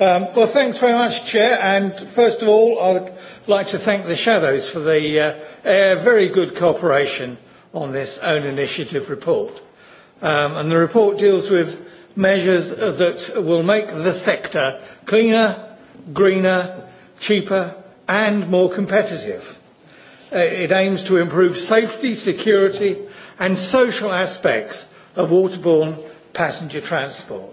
Um, well, thanks very much, Chair. And first of all, I would like to thank the Shadows for the uh, uh, very good cooperation on this own initiative report. Um, and the report deals with measures that will make the sector cleaner, greener, cheaper and more competitive. Uh, it aims to improve safety, security and social aspects of waterborne passenger transport.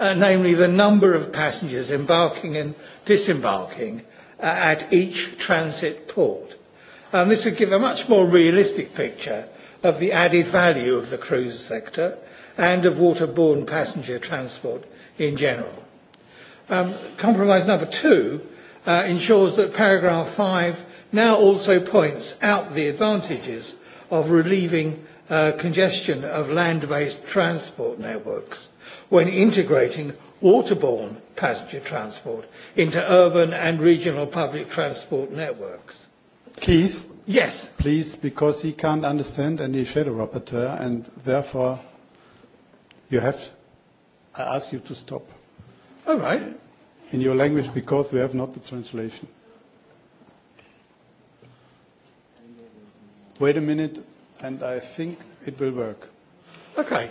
uh, namely the number of passengers embarking and disembarking uh, at each transit port. this would give a much more realistic picture of the added value of the cruise sector and of waterborne passenger transport in general. Um, compromise number two uh, ensures that paragraph five now also points out the advantages of relieving uh, congestion of land-based transport networks when integrating waterborne passenger transport into urban and regional public transport networks. Keith? Yes. Please, because he can't understand any shadow rapporteur, and therefore you have, I ask you to stop. All right. In your language, because we have not the translation. Wait a minute, and I think it will work. Okay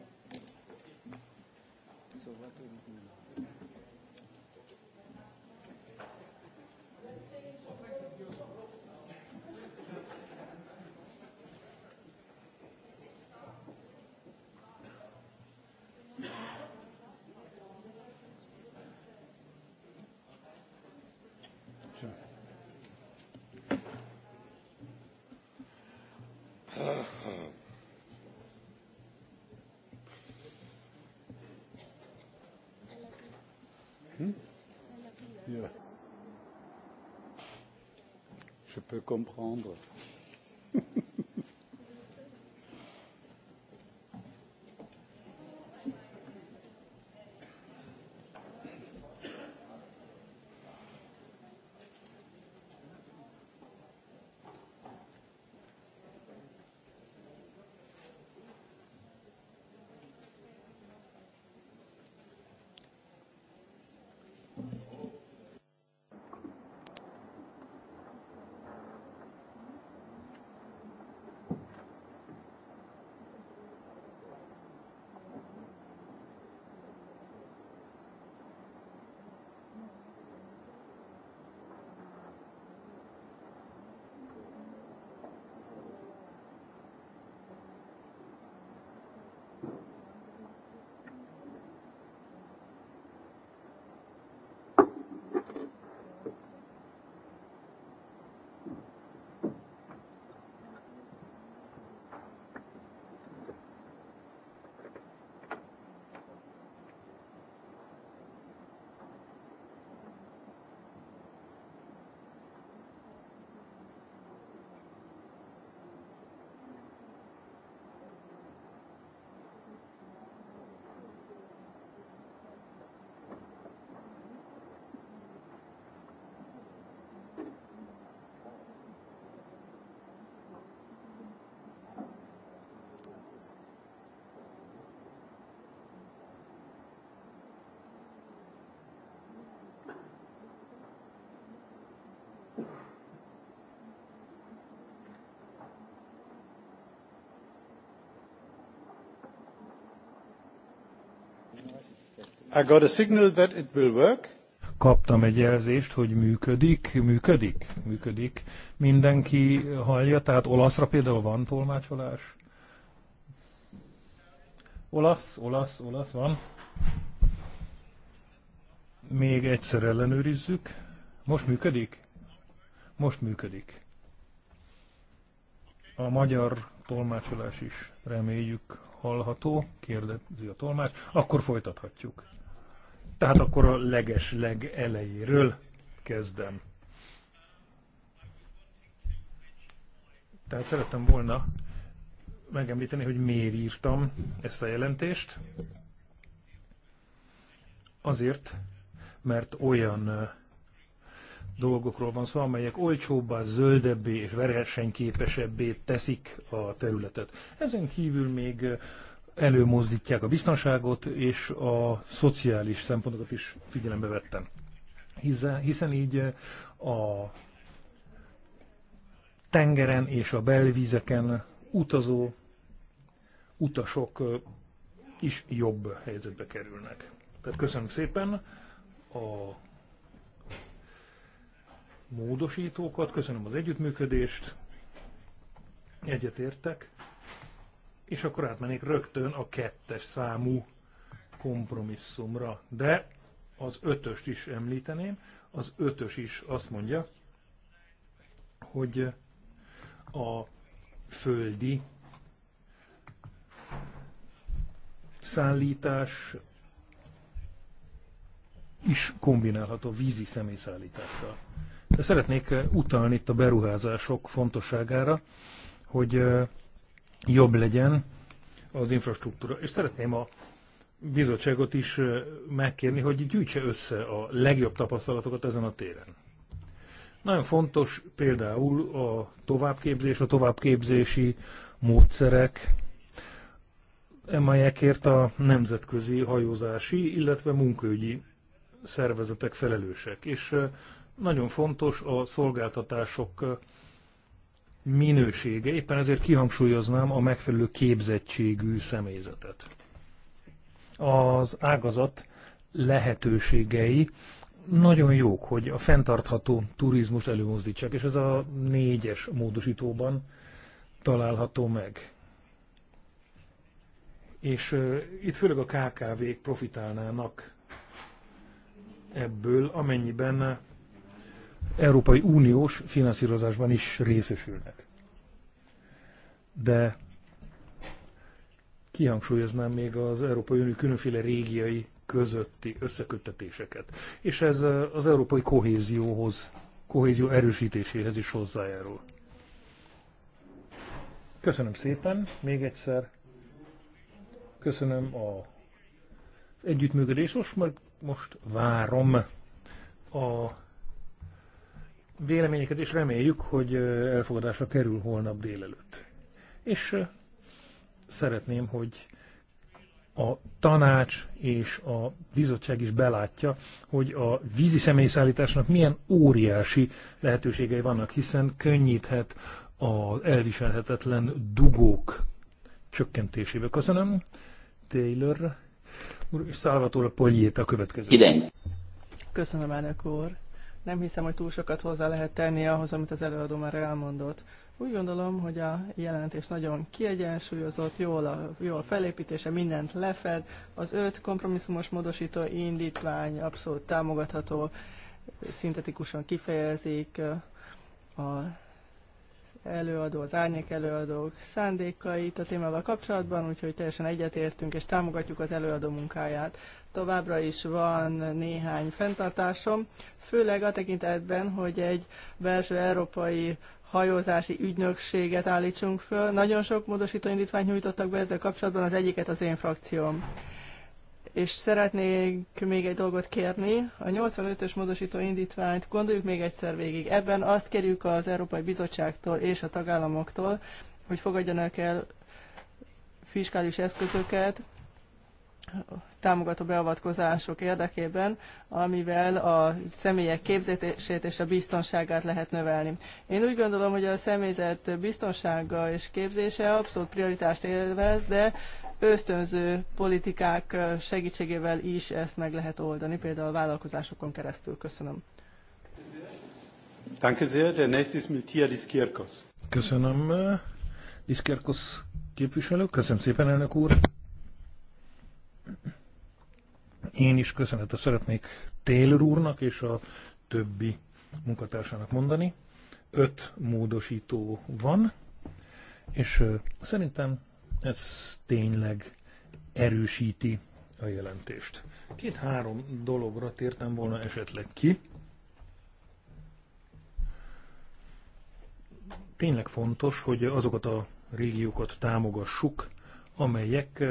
peut comprendre. I got a signal that it will work. Kaptam egy jelzést, hogy működik, működik, működik. Mindenki hallja, tehát olaszra például van tolmácsolás? Olasz, olasz, olasz van. Még egyszer ellenőrizzük. Most működik? Most működik. A magyar tolmácsolás is reméljük hallható? Kérdezi a tolmács. Akkor folytathatjuk. Tehát akkor a legesleg elejéről kezdem. Tehát szerettem volna megemlíteni, hogy miért írtam ezt a jelentést. Azért, mert olyan dolgokról van szó, amelyek olcsóbbá, zöldebbé és versenyképesebbé teszik a területet. Ezen kívül még előmozdítják a biztonságot, és a szociális szempontokat is figyelembe vettem. Hiszen így a tengeren és a belvízeken utazó utasok is jobb helyzetbe kerülnek. Tehát köszönöm szépen a módosítókat, köszönöm az együttműködést, egyetértek, és akkor átmennék rögtön a kettes számú kompromisszumra. De az ötöst is említeném, az ötös is azt mondja, hogy a földi szállítás is kombinálható vízi személyszállítással. Szeretnék eh, utalni itt a beruházások fontosságára, hogy eh, jobb legyen az infrastruktúra. És szeretném a bizottságot is eh, megkérni, hogy gyűjtse össze a legjobb tapasztalatokat ezen a téren. Nagyon fontos például a továbbképzés, a továbbképzési módszerek, amelyekért a nemzetközi hajózási, illetve munkaügyi szervezetek felelősek. És nagyon fontos a szolgáltatások minősége, éppen ezért kihangsúlyoznám a megfelelő képzettségű személyzetet. Az ágazat lehetőségei nagyon jók, hogy a fenntartható turizmust előmozdítsák, és ez a négyes módosítóban található meg. És uh, itt főleg a KKV-k profitálnának ebből, amennyiben Európai Uniós finanszírozásban is részesülnek. De kihangsúlyoznám még az Európai Unió különféle régiai közötti összeköttetéseket. És ez az európai kohézióhoz, kohézió erősítéséhez is hozzájárul. Köszönöm szépen még egyszer. Köszönöm a együttműködést. Most, most várom a véleményeket, és reméljük, hogy elfogadásra kerül holnap délelőtt. És szeretném, hogy a tanács és a bizottság is belátja, hogy a vízi személyszállításnak milyen óriási lehetőségei vannak, hiszen könnyíthet az elviselhetetlen dugók csökkentésébe. Köszönöm, Taylor. Úr, és Szálvatóra Polyét a következő. Igen. Köszönöm, elnök úr. Nem hiszem, hogy túl sokat hozzá lehet tenni ahhoz, amit az előadó már elmondott. Úgy gondolom, hogy a jelentés nagyon kiegyensúlyozott, jól a, jól felépítése, mindent lefed. Az öt kompromisszumos módosító indítvány abszolút támogatható, szintetikusan kifejezik a előadó, az árnyék előadók szándékait a témával kapcsolatban, úgyhogy teljesen egyetértünk és támogatjuk az előadó munkáját. Továbbra is van néhány fenntartásom, főleg a tekintetben, hogy egy belső európai hajózási ügynökséget állítsunk föl. Nagyon sok módosító indítványt nyújtottak be ezzel kapcsolatban, az egyiket az én frakcióm. És szeretnék még egy dolgot kérni. A 85-ös módosító indítványt gondoljuk még egyszer végig. Ebben azt kérjük az Európai Bizottságtól és a tagállamoktól, hogy fogadjanak el fiskális eszközöket, támogató beavatkozások érdekében, amivel a személyek képzését és a biztonságát lehet növelni. Én úgy gondolom, hogy a személyzet biztonsága és képzése abszolút prioritást élvez, de ösztönző politikák segítségével is ezt meg lehet oldani, például a vállalkozásokon keresztül. Köszönöm. Danke sehr. Der nächste ist Miltiadis Köszönöm. Eh, diskerkos képviselő, köszönöm szépen, elnök úr. Én is köszönetet szeretnék Taylor úrnak és a többi munkatársának mondani. Öt módosító van, és szerintem ez tényleg erősíti a jelentést. Két-három dologra tértem volna esetleg ki. Tényleg fontos, hogy azokat a régiókat támogassuk, amelyek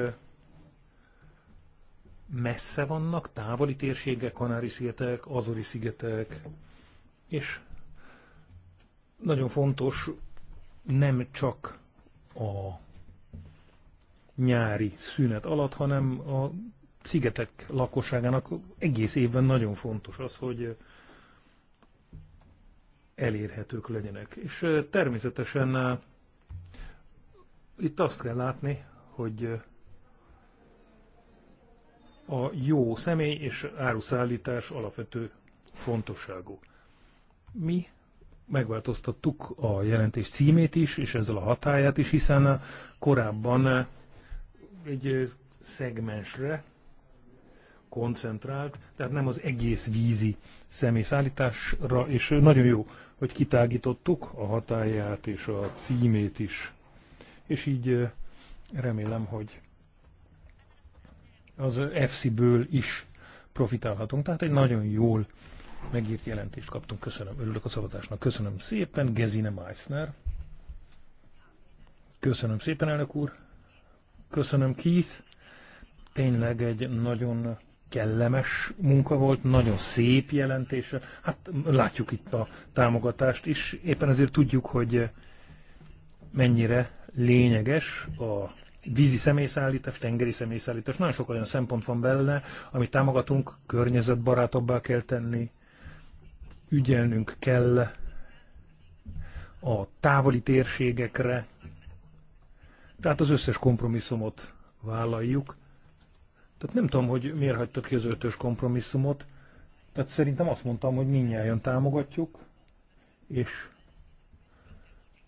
messze vannak, távoli térségek, Kanári-szigetek, Azori-szigetek, és nagyon fontos nem csak a nyári szünet alatt, hanem a szigetek lakosságának egész évben nagyon fontos az, hogy elérhetők legyenek. És természetesen itt azt kell látni, hogy a jó személy és áruszállítás alapvető fontosságú. Mi megváltoztattuk a jelentés címét is, és ezzel a hatáját is, hiszen korábban egy szegmensre koncentrált, tehát nem az egész vízi személyszállításra, és nagyon jó, hogy kitágítottuk a hatáját és a címét is. És így eh, remélem, hogy az fc ből is profitálhatunk. Tehát egy nagyon jól megírt jelentést kaptunk. Köszönöm, örülök a szavazásnak. Köszönöm szépen, Gezine Meissner. Köszönöm szépen, elnök úr. Köszönöm, Keith. Tényleg egy nagyon kellemes munka volt, nagyon szép jelentése. Hát látjuk itt a támogatást is, éppen azért tudjuk, hogy mennyire lényeges a vízi személyszállítás, tengeri személyszállítás. Nagyon sok olyan szempont van benne, amit támogatunk, környezetbarátabbá kell tenni, ügyelnünk kell a távoli térségekre, tehát az összes kompromisszumot vállaljuk. Tehát nem tudom, hogy miért hagytak ki az ötös kompromisszumot. Tehát szerintem azt mondtam, hogy minnyáján támogatjuk, és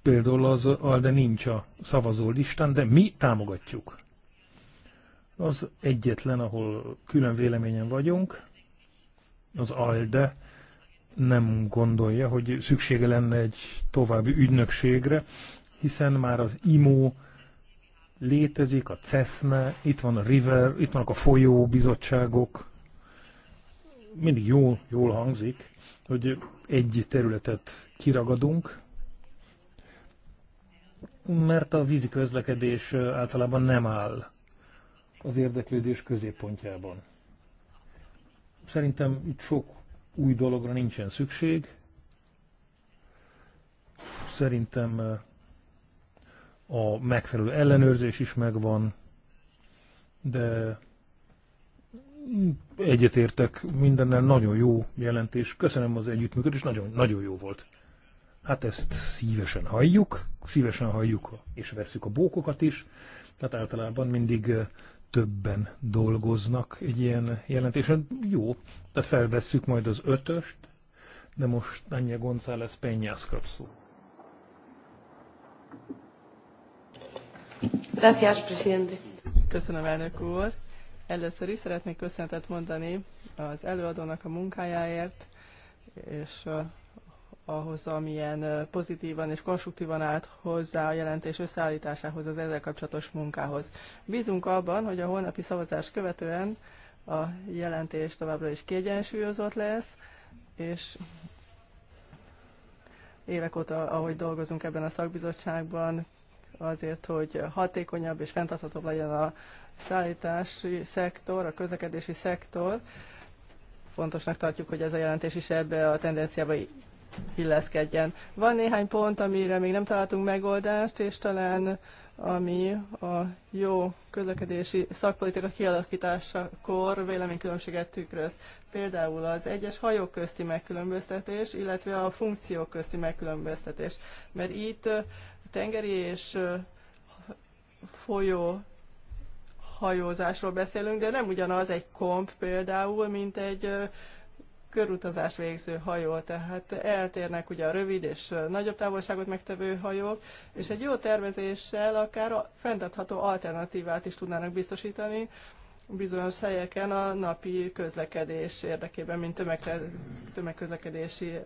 Például az ALDE nincs a szavazó listán, de mi támogatjuk. Az egyetlen, ahol külön véleményen vagyunk, az ALDE nem gondolja, hogy szüksége lenne egy további ügynökségre, hiszen már az IMO létezik, a CESZME, itt van a River, itt vannak a folyóbizottságok. Mindig jól, jól hangzik, hogy egy területet kiragadunk, mert a vízi közlekedés általában nem áll az érdeklődés középpontjában. Szerintem itt sok új dologra nincsen szükség. Szerintem a megfelelő ellenőrzés is megvan, de egyetértek mindennel, nagyon jó jelentés. Köszönöm az együttműködést, nagyon, nagyon jó volt. Hát ezt szívesen halljuk, szívesen halljuk és veszük a bókokat is, tehát általában mindig többen dolgoznak egy ilyen jelentésen. Jó, tehát felvesszük majd az ötöst, de most Anya González Peñas kap Presidente. Köszönöm, elnök úr. Először is szeretnék köszönetet mondani az előadónak a munkájáért, és ahhoz, amilyen pozitívan és konstruktívan állt hozzá a jelentés összeállításához, az ezzel kapcsolatos munkához. Bízunk abban, hogy a holnapi szavazás követően a jelentés továbbra is kiegyensúlyozott lesz, és évek óta, ahogy dolgozunk ebben a szakbizottságban, azért, hogy hatékonyabb és fenntarthatóbb legyen a szállítási szektor, a közlekedési szektor. Fontosnak tartjuk, hogy ez a jelentés is ebbe a tendenciába illeszkedjen. Van néhány pont, amire még nem találtunk megoldást, és talán ami a jó közlekedési szakpolitika kialakításakor véleménykülönbséget tükröz. Például az egyes hajók közti megkülönböztetés, illetve a funkciók közti megkülönböztetés. Mert itt tengeri és folyó hajózásról beszélünk, de nem ugyanaz egy komp például, mint egy körutazás végző hajó, tehát eltérnek ugye a rövid és nagyobb távolságot megtevő hajók, és egy jó tervezéssel akár a fenntartható alternatívát is tudnának biztosítani bizonyos helyeken a napi közlekedés érdekében, mint tömegközlekedési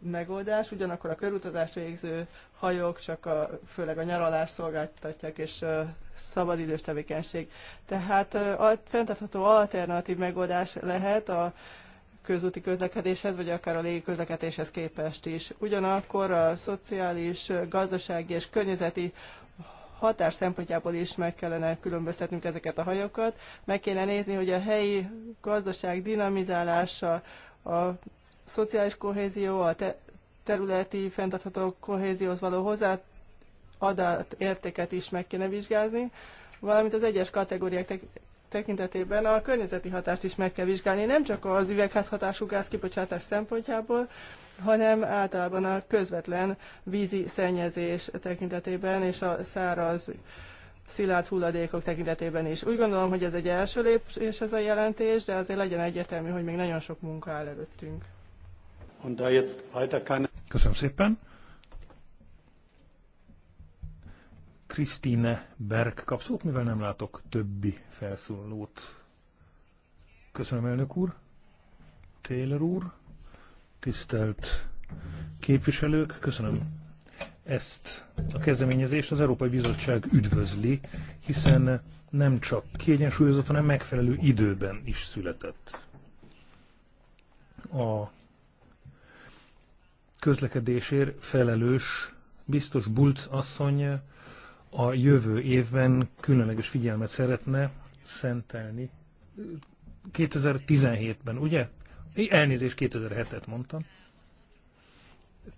megoldás, ugyanakkor a körutazás végző hajók csak a, főleg a nyaralás szolgáltatják, és uh, szabadidős tevékenység. Tehát uh, a fenntartható alternatív megoldás lehet a uh, közúti közlekedéshez, vagy akár a légi közlekedéshez képest is. Ugyanakkor a szociális, gazdasági és környezeti hatás szempontjából is meg kellene különböztetnünk ezeket a hajókat. Meg kéne nézni, hogy a helyi gazdaság dinamizálása, a szociális kohézió, a te- területi fenntartható kohézióhoz való hozzáadat értéket is meg kéne vizsgálni, valamint az egyes kategóriák tekintetében a környezeti hatást is meg kell vizsgálni, nem csak az üvegházhatású gáz kibocsátás szempontjából, hanem általában a közvetlen vízi szennyezés tekintetében és a száraz szilárd hulladékok tekintetében is. Úgy gondolom, hogy ez egy első lépés ez a jelentés, de azért legyen egyértelmű, hogy még nagyon sok munka áll előttünk. Köszönöm szépen. Krisztine Berg kapszót, mivel nem látok többi felszólalót. Köszönöm, elnök úr. Taylor úr, tisztelt képviselők, köszönöm ezt a kezdeményezést az Európai Bizottság üdvözli, hiszen nem csak kiegyensúlyozott, hanem megfelelő időben is született. A közlekedésért felelős biztos Bulc asszony a jövő évben különleges figyelmet szeretne szentelni. 2017-ben, ugye? Elnézést, 2007-et mondtam.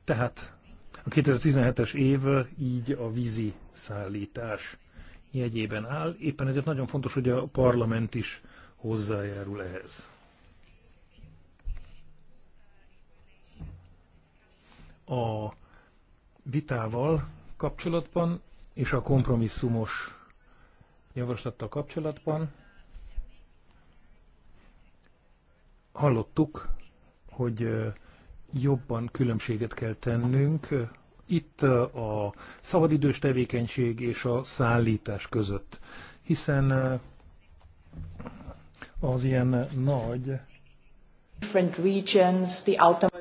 Tehát a 2017-es év így a vízi szállítás jegyében áll. Éppen ezért nagyon fontos, hogy a parlament is hozzájárul ehhez. A vitával kapcsolatban és a kompromisszumos javaslattal kapcsolatban hallottuk, hogy jobban különbséget kell tennünk itt a szabadidős tevékenység és a szállítás között, hiszen az ilyen nagy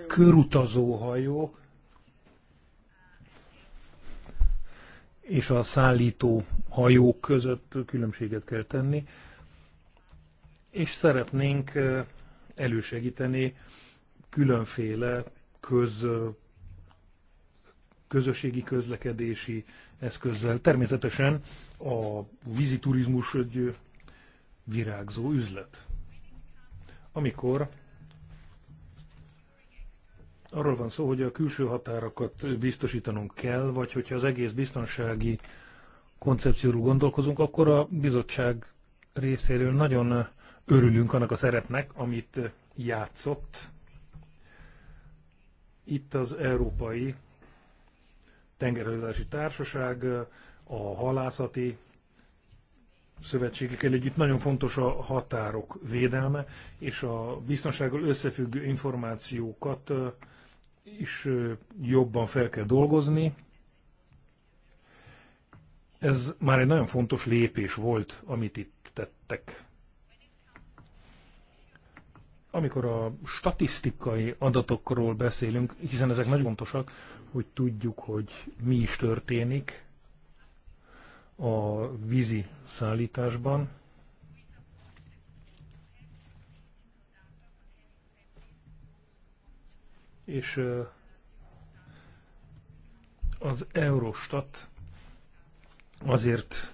körutazó hajók és a szállító hajók között különbséget kell tenni, és szeretnénk elősegíteni különféle köz, közösségi közlekedési eszközzel. Természetesen a vízi turizmus egy virágzó üzlet. Amikor arról van szó, hogy a külső határokat biztosítanunk kell, vagy hogyha az egész biztonsági koncepcióról gondolkozunk, akkor a bizottság részéről nagyon örülünk annak a szerepnek, amit játszott. Itt az Európai Tengerhajózási Társaság, a halászati szövetségekkel együtt nagyon fontos a határok védelme, és a biztonsággal összefüggő információkat is jobban fel kell dolgozni. Ez már egy nagyon fontos lépés volt, amit itt tettek. Amikor a statisztikai adatokról beszélünk, hiszen ezek nagyon fontosak, hogy tudjuk, hogy mi is történik a vízi szállításban, és az Eurostat azért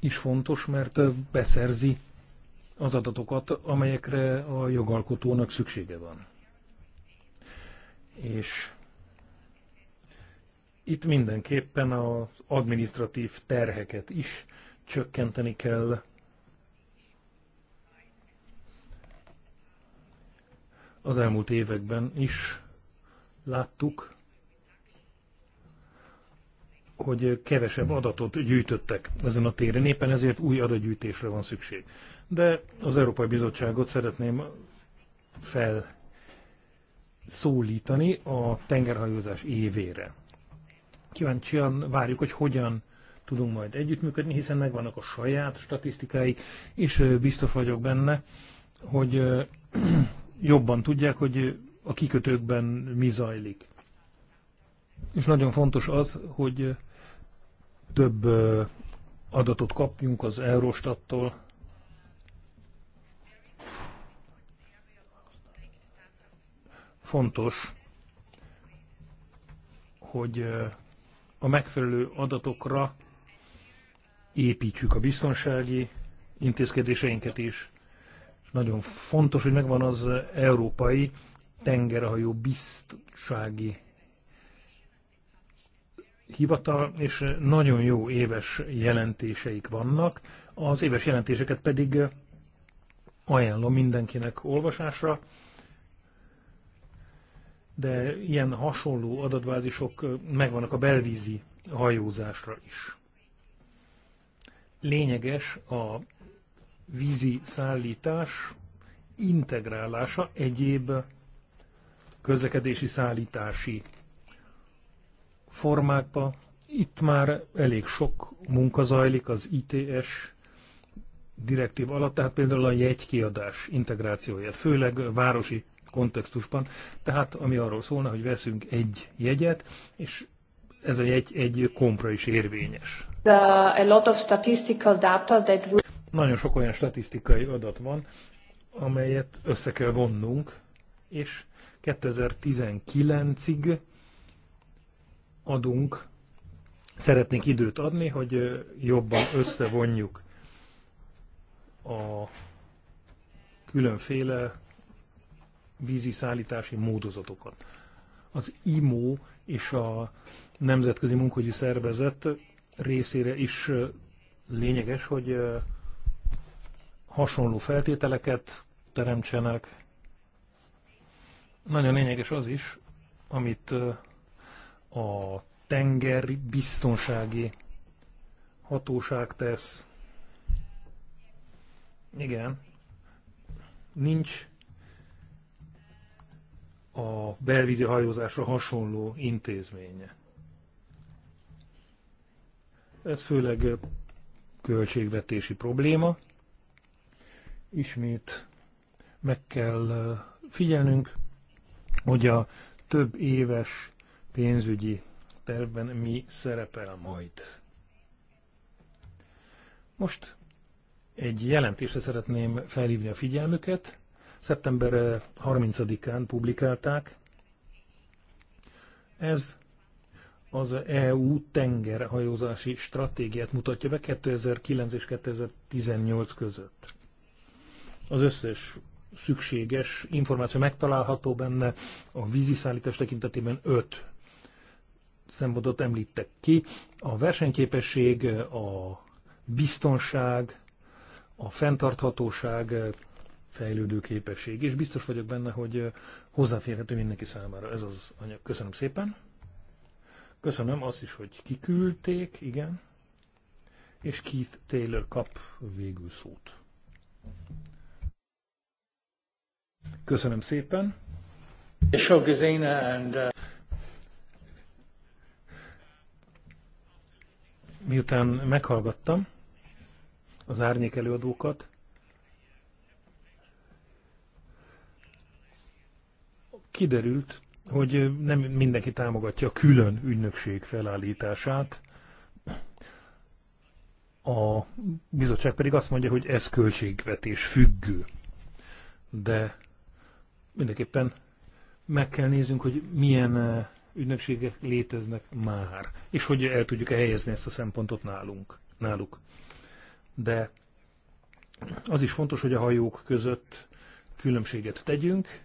is fontos, mert beszerzi az adatokat, amelyekre a jogalkotónak szüksége van. És itt mindenképpen az administratív terheket is csökkenteni kell, Az elmúlt években is láttuk, hogy kevesebb adatot gyűjtöttek ezen a téren, éppen ezért új adatgyűjtésre van szükség. De az Európai Bizottságot szeretném felszólítani a tengerhajózás évére. Kíváncsian várjuk, hogy hogyan tudunk majd együttműködni, hiszen megvannak a saját statisztikái, és biztos vagyok benne, hogy jobban tudják, hogy a kikötőkben mi zajlik. És nagyon fontos az, hogy több adatot kapjunk az Eurostattól. Fontos, hogy a megfelelő adatokra építsük a biztonsági intézkedéseinket is, és nagyon fontos, hogy megvan az európai tengerhajó biztonsági hivatal, és nagyon jó éves jelentéseik vannak. Az éves jelentéseket pedig ajánlom mindenkinek olvasásra, de ilyen hasonló adatbázisok megvannak a belvízi hajózásra is. Lényeges a vízi szállítás integrálása egyéb közlekedési szállítási formákba. Itt már elég sok munka zajlik az ITS direktív alatt, tehát például a jegykiadás integrációja, főleg városi kontextusban, tehát ami arról szólna, hogy veszünk egy jegyet, és ez a jegy egy kompra is érvényes. The, a lot of statistical data that we nagyon sok olyan statisztikai adat van, amelyet össze kell vonnunk, és 2019-ig adunk, szeretnénk időt adni, hogy jobban összevonjuk a különféle vízi szállítási módozatokat. Az IMO és a Nemzetközi Munkahogyi Szervezet részére is lényeges, hogy hasonló feltételeket teremtsenek. Nagyon lényeges az is, amit a tengeri biztonsági hatóság tesz. Igen, nincs a belvízi hajózásra hasonló intézménye. Ez főleg költségvetési probléma, ismét meg kell figyelnünk, hogy a több éves pénzügyi tervben mi szerepel majd. Most egy jelentésre szeretném felhívni a figyelmüket. Szeptember 30-án publikálták. Ez az EU tengerhajózási stratégiát mutatja be 2009 és 2018 között az összes szükséges információ megtalálható benne, a szállítás tekintetében öt szempontot említek ki. A versenyképesség, a biztonság, a fenntarthatóság, fejlődő képesség, és biztos vagyok benne, hogy hozzáférhető mindenki számára ez az anyag. Köszönöm szépen. Köszönöm azt is, hogy kiküldték, igen. És Keith Taylor kap végül szót. Köszönöm szépen. Uh, Miután meghallgattam az árnyék előadókat, kiderült, hogy nem mindenki támogatja a külön ügynökség felállítását, a bizottság pedig azt mondja, hogy ez költségvetés függő. De mindenképpen meg kell néznünk, hogy milyen eh, ünnepségek léteznek már, és hogy el tudjuk-e helyezni ezt a szempontot nálunk, náluk. De az is fontos, hogy a hajók között különbséget tegyünk,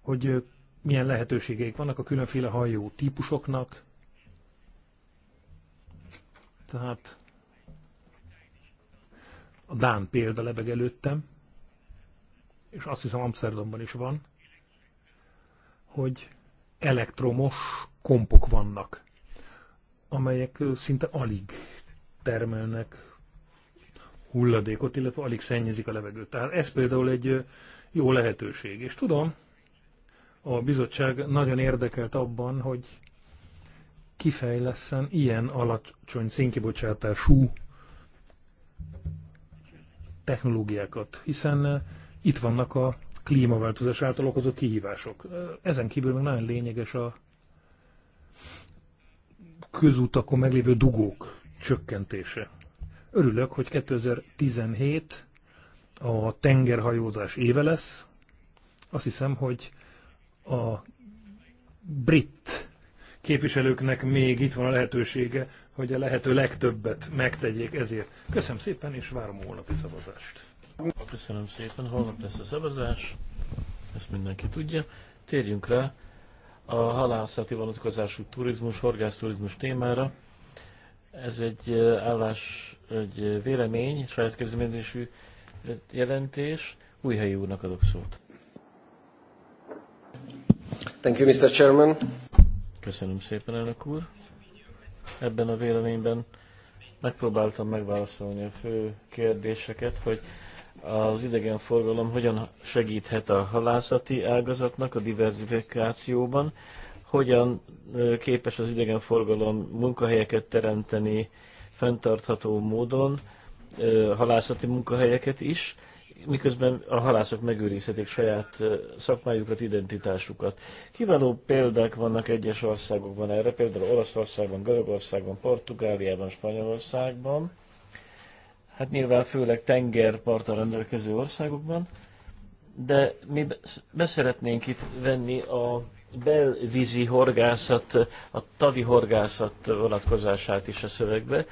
hogy eh, milyen lehetőségeik vannak a különféle hajó típusoknak. Tehát a Dán példa lebeg előttem, és azt hiszem Amsterdamban is van, hogy elektromos kompok vannak, amelyek szinte alig termelnek hulladékot, illetve alig szennyezik a levegőt. Tehát ez például egy jó lehetőség. És tudom, a bizottság nagyon érdekelt abban, hogy kifejleszen ilyen alacsony szénkibocsátású technológiákat, hiszen itt vannak a klímaváltozás által okozott kihívások. Ezen kívül még nagyon lényeges a közútakon meglévő dugók csökkentése. Örülök, hogy 2017 a tengerhajózás éve lesz. Azt hiszem, hogy a brit képviselőknek még itt van a lehetősége, hogy a lehető legtöbbet megtegyék ezért. Köszönöm szépen, és várom a holnapi szavazást. Köszönöm szépen, holnap lesz a szavazás, ezt mindenki tudja. Térjünk rá a halászati vonatkozású turizmus, horgászturizmus témára. Ez egy állás, egy vélemény, saját kezdeményezésű jelentés. Újhelyi úrnak adok szót. Thank you, Mr. Chairman. Köszönöm szépen, elnök úr. Ebben a véleményben megpróbáltam megválaszolni a fő kérdéseket, hogy az idegenforgalom hogyan segíthet a halászati ágazatnak a diversifikációban, hogyan képes az idegenforgalom munkahelyeket teremteni fenntartható módon, halászati munkahelyeket is, miközben a halászok megőrizhetik saját szakmájukat, identitásukat. Kiváló példák vannak egyes országokban erre, például Olaszországban, Görögországban, Portugáliában, Spanyolországban, hát nyilván főleg tengerparttal rendelkező országokban, de mi beszeretnénk itt venni a belvízi horgászat, a tavi horgászat vonatkozását is a szövegbe,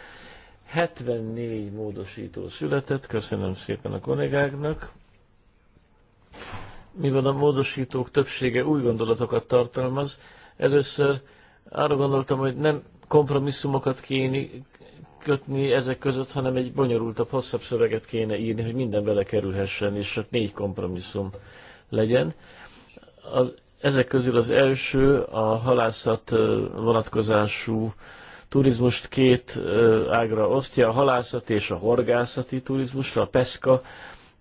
74 módosító született, köszönöm szépen a kollégáknak. Mivel a módosítók többsége új gondolatokat tartalmaz, először arra gondoltam, hogy nem kompromisszumokat kéne kötni ezek között, hanem egy bonyolultabb, hosszabb szöveget kéne írni, hogy minden belekerülhessen, és csak négy kompromisszum legyen. Az, ezek közül az első a halászat vonatkozású turizmust két ágra osztja, a halászati és a horgászati turizmusra, a peszka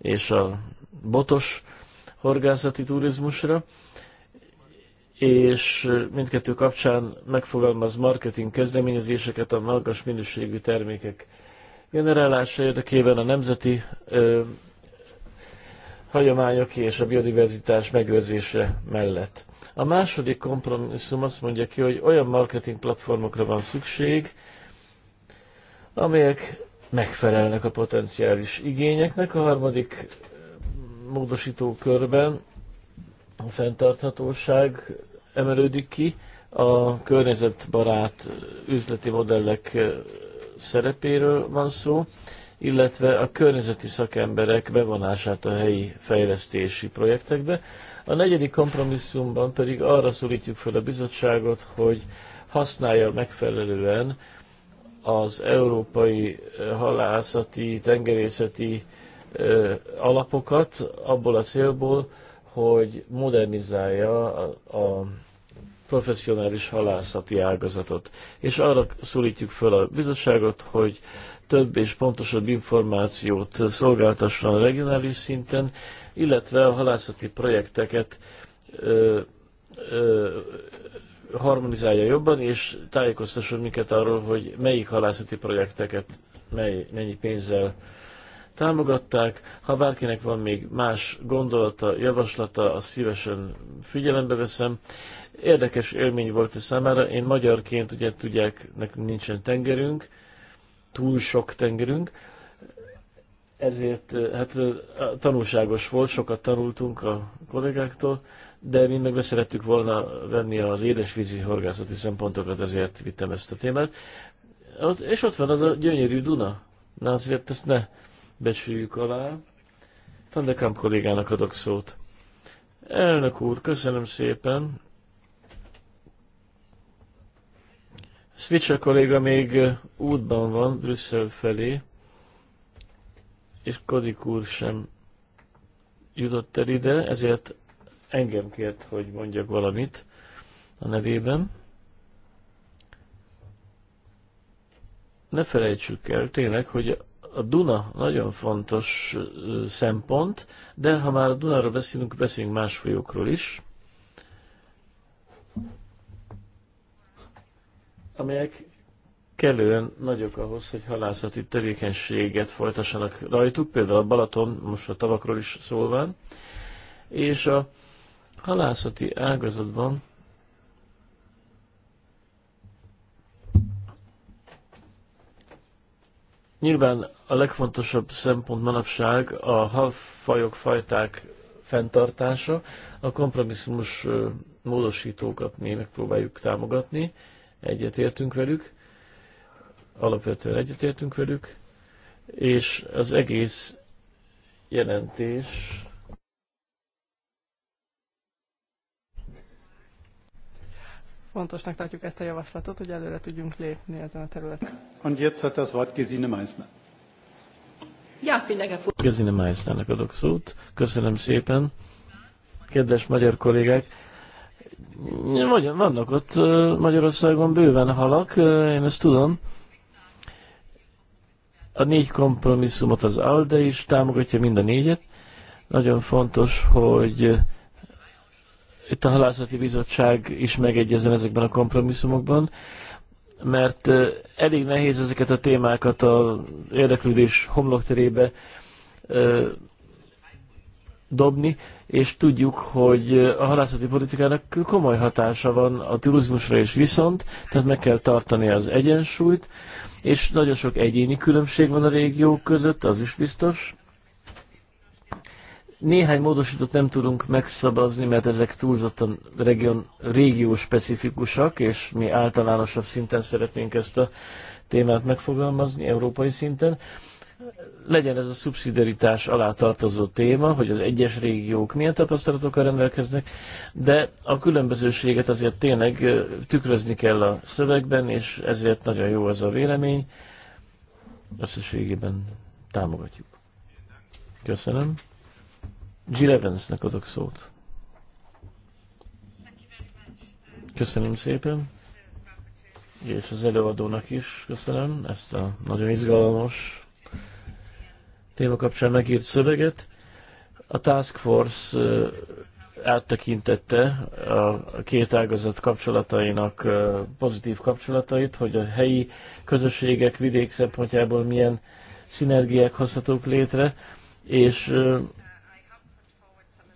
és a botos horgászati turizmusra, és mindkettő kapcsán megfogalmaz marketing kezdeményezéseket a magas minőségű termékek generálása érdekében a nemzeti ö, hagyományok és a biodiverzitás megőrzése mellett. A második kompromisszum azt mondja ki, hogy olyan marketing platformokra van szükség, amelyek megfelelnek a potenciális igényeknek. A harmadik eh, módosító körben a fenntarthatóság emelődik ki, a környezetbarát eh, üzleti modellek eh, szerepéről van szó, illetve a környezeti szakemberek bevonását a helyi fejlesztési projektekbe. A negyedik kompromisszumban pedig arra szólítjuk fel a bizottságot, hogy használja megfelelően az európai eh, halászati, tengerészeti eh, alapokat abból a célból, hogy modernizálja a professzionális halászati ágazatot. És arra szólítjuk föl a bizottságot, hogy több és pontosabb információt szolgáltasson a regionális szinten, illetve a halászati projekteket ö, ö, harmonizálja jobban, és tájékoztasson minket arról, hogy melyik halászati projekteket mely, mennyi pénzzel támogatták. Ha bárkinek van még más gondolata, javaslata, azt szívesen figyelembe veszem. Érdekes élmény volt ez számára. Én magyarként, ugye tudják, nekünk nincsen tengerünk, túl sok tengerünk, ezért hát tanulságos volt, sokat tanultunk a kollégáktól, de mi meg beszerettük volna venni az édesvízi horgászati szempontokat, ezért vittem ezt a témát. Ott, és ott van az a gyönyörű Duna. Na azért ezt ne becsüljük alá. Van de Kamp kollégának adok szót. Elnök úr, köszönöm szépen. Switcher kolléga még útban van Brüsszel felé, és Kodik úr sem jutott el ide, ezért engem kért, hogy mondjak valamit a nevében. Ne felejtsük el tényleg, hogy a Duna nagyon fontos szempont, de ha már a Dunáról beszélünk, beszélünk más folyókról is. amelyek kellően nagyok ahhoz, hogy halászati tevékenységet folytassanak rajtuk, például a Balaton, most a tavakról is szó van, és a halászati ágazatban Nyilván a legfontosabb szempont manapság a halfajok, fajták fenntartása, a kompromisszumos módosítókat mi megpróbáljuk támogatni, egyetértünk velük, alapvetően egyetértünk velük, és az egész jelentés fontosnak tartjuk ezt a javaslatot, hogy előre tudjunk lépni ezen a területen. Und jetzt hat das Wort Gesine Meissner. Ja, Gesine Meissnernek adok szót. Köszönöm szépen. Kedves magyar kollégák, vannak ott Magyarországon bőven halak, én ezt tudom. A négy kompromisszumot az ALDE is támogatja mind a négyet. Nagyon fontos, hogy itt a halászati bizottság is megegyezzen ezekben a kompromisszumokban, mert elég nehéz ezeket a témákat a érdeklődés homlokterébe dobni, és tudjuk, hogy a halászati politikának komoly hatása van a turizmusra is viszont, tehát meg kell tartani az egyensúlyt, és nagyon sok egyéni különbség van a régiók között, az is biztos. Néhány módosítót nem tudunk megszabazni, mert ezek túlzottan region, régió specifikusak, és mi általánosabb szinten szeretnénk ezt a témát megfogalmazni, európai szinten legyen ez a szubszidiaritás alá tartozó téma, hogy az egyes régiók milyen tapasztalatokkal rendelkeznek, de a különbözőséget azért tényleg tükrözni kell a szövegben, és ezért nagyon jó az a vélemény. Összességében támogatjuk. Köszönöm. Jill Evansnek adok szót. Köszönöm szépen. És az előadónak is köszönöm ezt a nagyon izgalmas téma kapcsán megírt szöveget. A Task Force áttekintette a két ágazat kapcsolatainak pozitív kapcsolatait, hogy a helyi közösségek vidék szempontjából milyen szinergiák hozhatók létre, és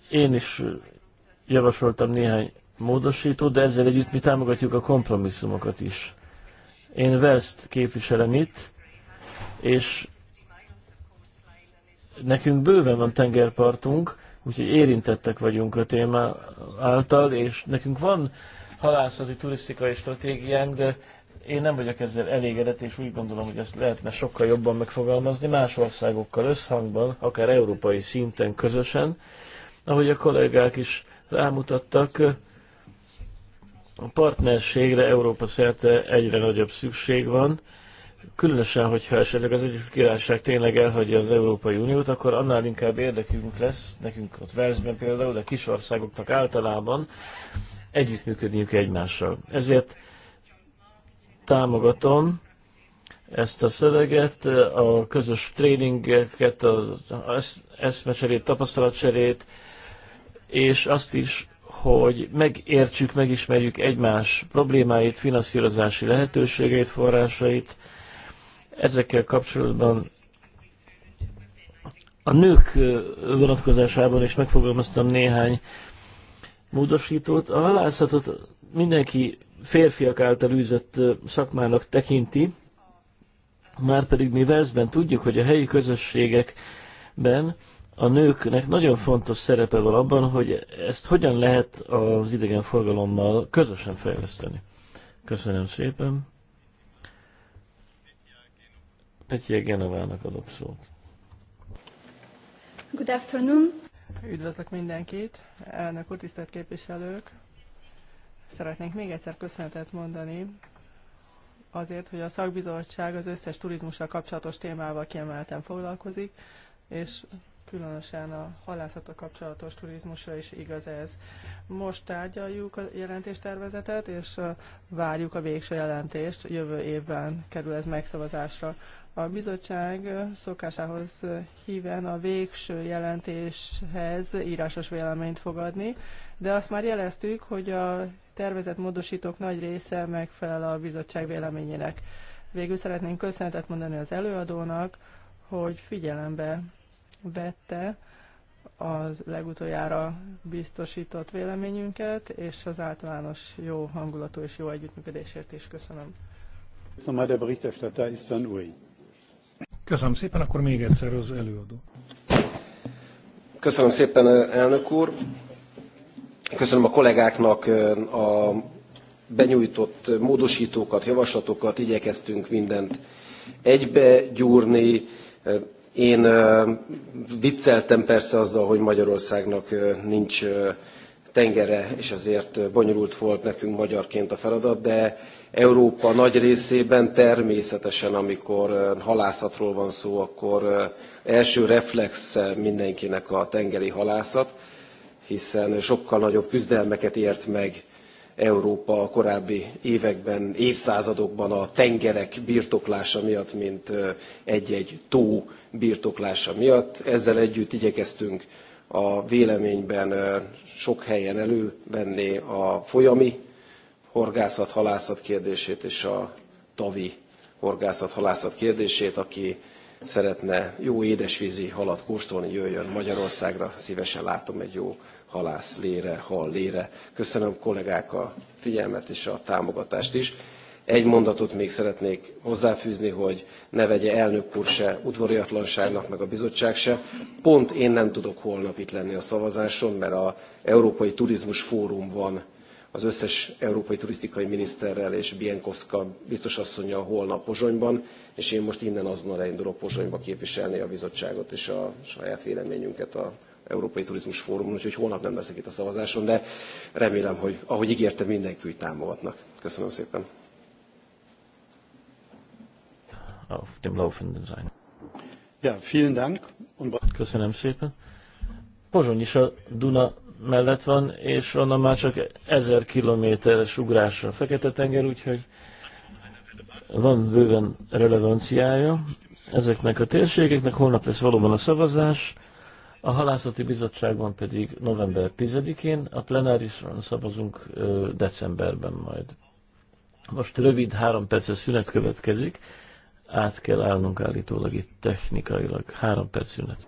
én is javasoltam néhány módosítót, de ezzel együtt mi támogatjuk a kompromisszumokat is. Én Verszt képviselem itt, és Nekünk bőven van tengerpartunk, úgyhogy érintettek vagyunk a téma által, és nekünk van halászati turisztikai stratégiánk, de én nem vagyok ezzel elégedett, és úgy gondolom, hogy ezt lehetne sokkal jobban megfogalmazni más országokkal összhangban, akár európai szinten közösen. Ahogy a kollégák is rámutattak, a partnerségre Európa szerte egyre nagyobb szükség van, Különösen, hogyha esetleg az Egyesült Királyság tényleg elhagyja az Európai Uniót, akkor annál inkább érdekünk lesz, nekünk ott Velszben például, de kis országoknak általában együttműködniük egymással. Ezért támogatom ezt a szöveget, a közös tréningeket, az eszmecserét, tapasztalatcserét, és azt is, hogy megértsük, megismerjük egymás problémáit, finanszírozási lehetőségeit, forrásait, ezekkel kapcsolatban a nők vonatkozásában is megfogalmaztam néhány módosítót. A halászatot mindenki férfiak által űzött szakmának tekinti, már pedig mi Velszben tudjuk, hogy a helyi közösségekben a nőknek nagyon fontos szerepe van abban, hogy ezt hogyan lehet az idegenforgalommal közösen fejleszteni. Köszönöm szépen. Petje Genovának adok szót. Good afternoon. Üdvözlök mindenkit, elnök úr, tisztelt képviselők. Szeretnénk még egyszer köszönetet mondani azért, hogy a szakbizottság az összes turizmussal kapcsolatos témával kiemelten foglalkozik, és különösen a halászata kapcsolatos turizmusra is igaz ez. Most tárgyaljuk a jelentéstervezetet, és várjuk a végső jelentést. Jövő évben kerül ez megszavazásra. A bizottság szokásához híven a végső jelentéshez írásos véleményt fogadni, de azt már jeleztük, hogy a tervezett módosítók nagy része megfelel a bizottság véleményének. Végül szeretném köszönetet mondani az előadónak, hogy figyelembe vette az legutoljára biztosított véleményünket, és az általános jó hangulatú és jó együttműködésért is köszönöm. Nochmal szóval der Berichterstatter ist dann Uri. Köszönöm szépen, akkor még egyszer az előadó. Köszönöm szépen, elnök úr. Köszönöm a kollégáknak a benyújtott módosítókat, javaslatokat, igyekeztünk mindent egybe gyúrni. Én vicceltem persze azzal, hogy Magyarországnak nincs tengere, és azért bonyolult volt nekünk magyarként a feladat, de Európa nagy részében természetesen, amikor halászatról van szó, akkor első reflex mindenkinek a tengeri halászat, hiszen sokkal nagyobb küzdelmeket ért meg Európa a korábbi években, évszázadokban a tengerek birtoklása miatt, mint egy-egy tó birtoklása miatt. Ezzel együtt igyekeztünk a véleményben sok helyen elővenni a folyami horgászat, halászat kérdését és a tavi horgászat, halászat kérdését, aki szeretne jó édesvízi halat kóstolni, jöjjön Magyarországra, szívesen látom egy jó halász lére, hal lére. Köszönöm kollégák a figyelmet és a támogatást is. Egy mondatot még szeretnék hozzáfűzni, hogy ne vegye elnök úr se udvariatlanságnak, meg a bizottság se. Pont én nem tudok holnap itt lenni a szavazáson, mert az Európai Turizmus Fórum van az összes európai turisztikai miniszterrel és Bienkowska biztos asszonya holnap Pozsonyban, és én most innen azonnal elindulok Pozsonyba képviselni a bizottságot és a saját véleményünket a Európai Turizmus Fórumon, úgyhogy holnap nem leszek itt a szavazáson, de remélem, hogy ahogy ígértem, mindenki támogatnak. Köszönöm szépen. Auf dem Laufenden sein. Ja, vielen Dank. Köszönöm szépen. Pozsony is a Duna mellett van, és onnan már csak ezer kilométeres ugrásra a Fekete-tenger, úgyhogy van bőven relevanciája ezeknek a térségeknek. Holnap lesz valóban a szavazás, a halászati bizottságban pedig november 10-én, a plenárison szavazunk decemberben majd. Most rövid három perces szünet következik, át kell állnunk állítólag itt technikailag. Három perc szünet.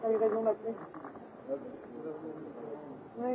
T'avais raison, Mathieu. Oui,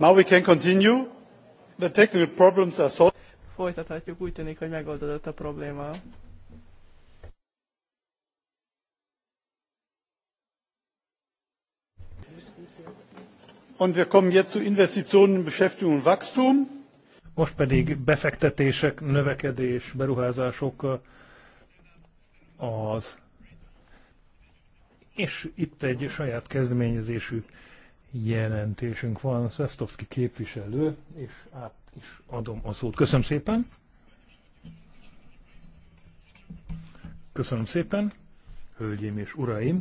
Now we can continue. The technical problems are solved. Folytathatjuk, úgy tűnik, hogy megoldódott a probléma. Und wir kommen jetzt zu Investitionen, in Beschäftigung und Wachstum. Most pedig befektetések, növekedés, beruházások az. És itt egy saját kezdeményezésű jelentésünk van. Szesztovszki képviselő, és át is adom a szót. Köszönöm szépen! Köszönöm szépen, hölgyeim és uraim!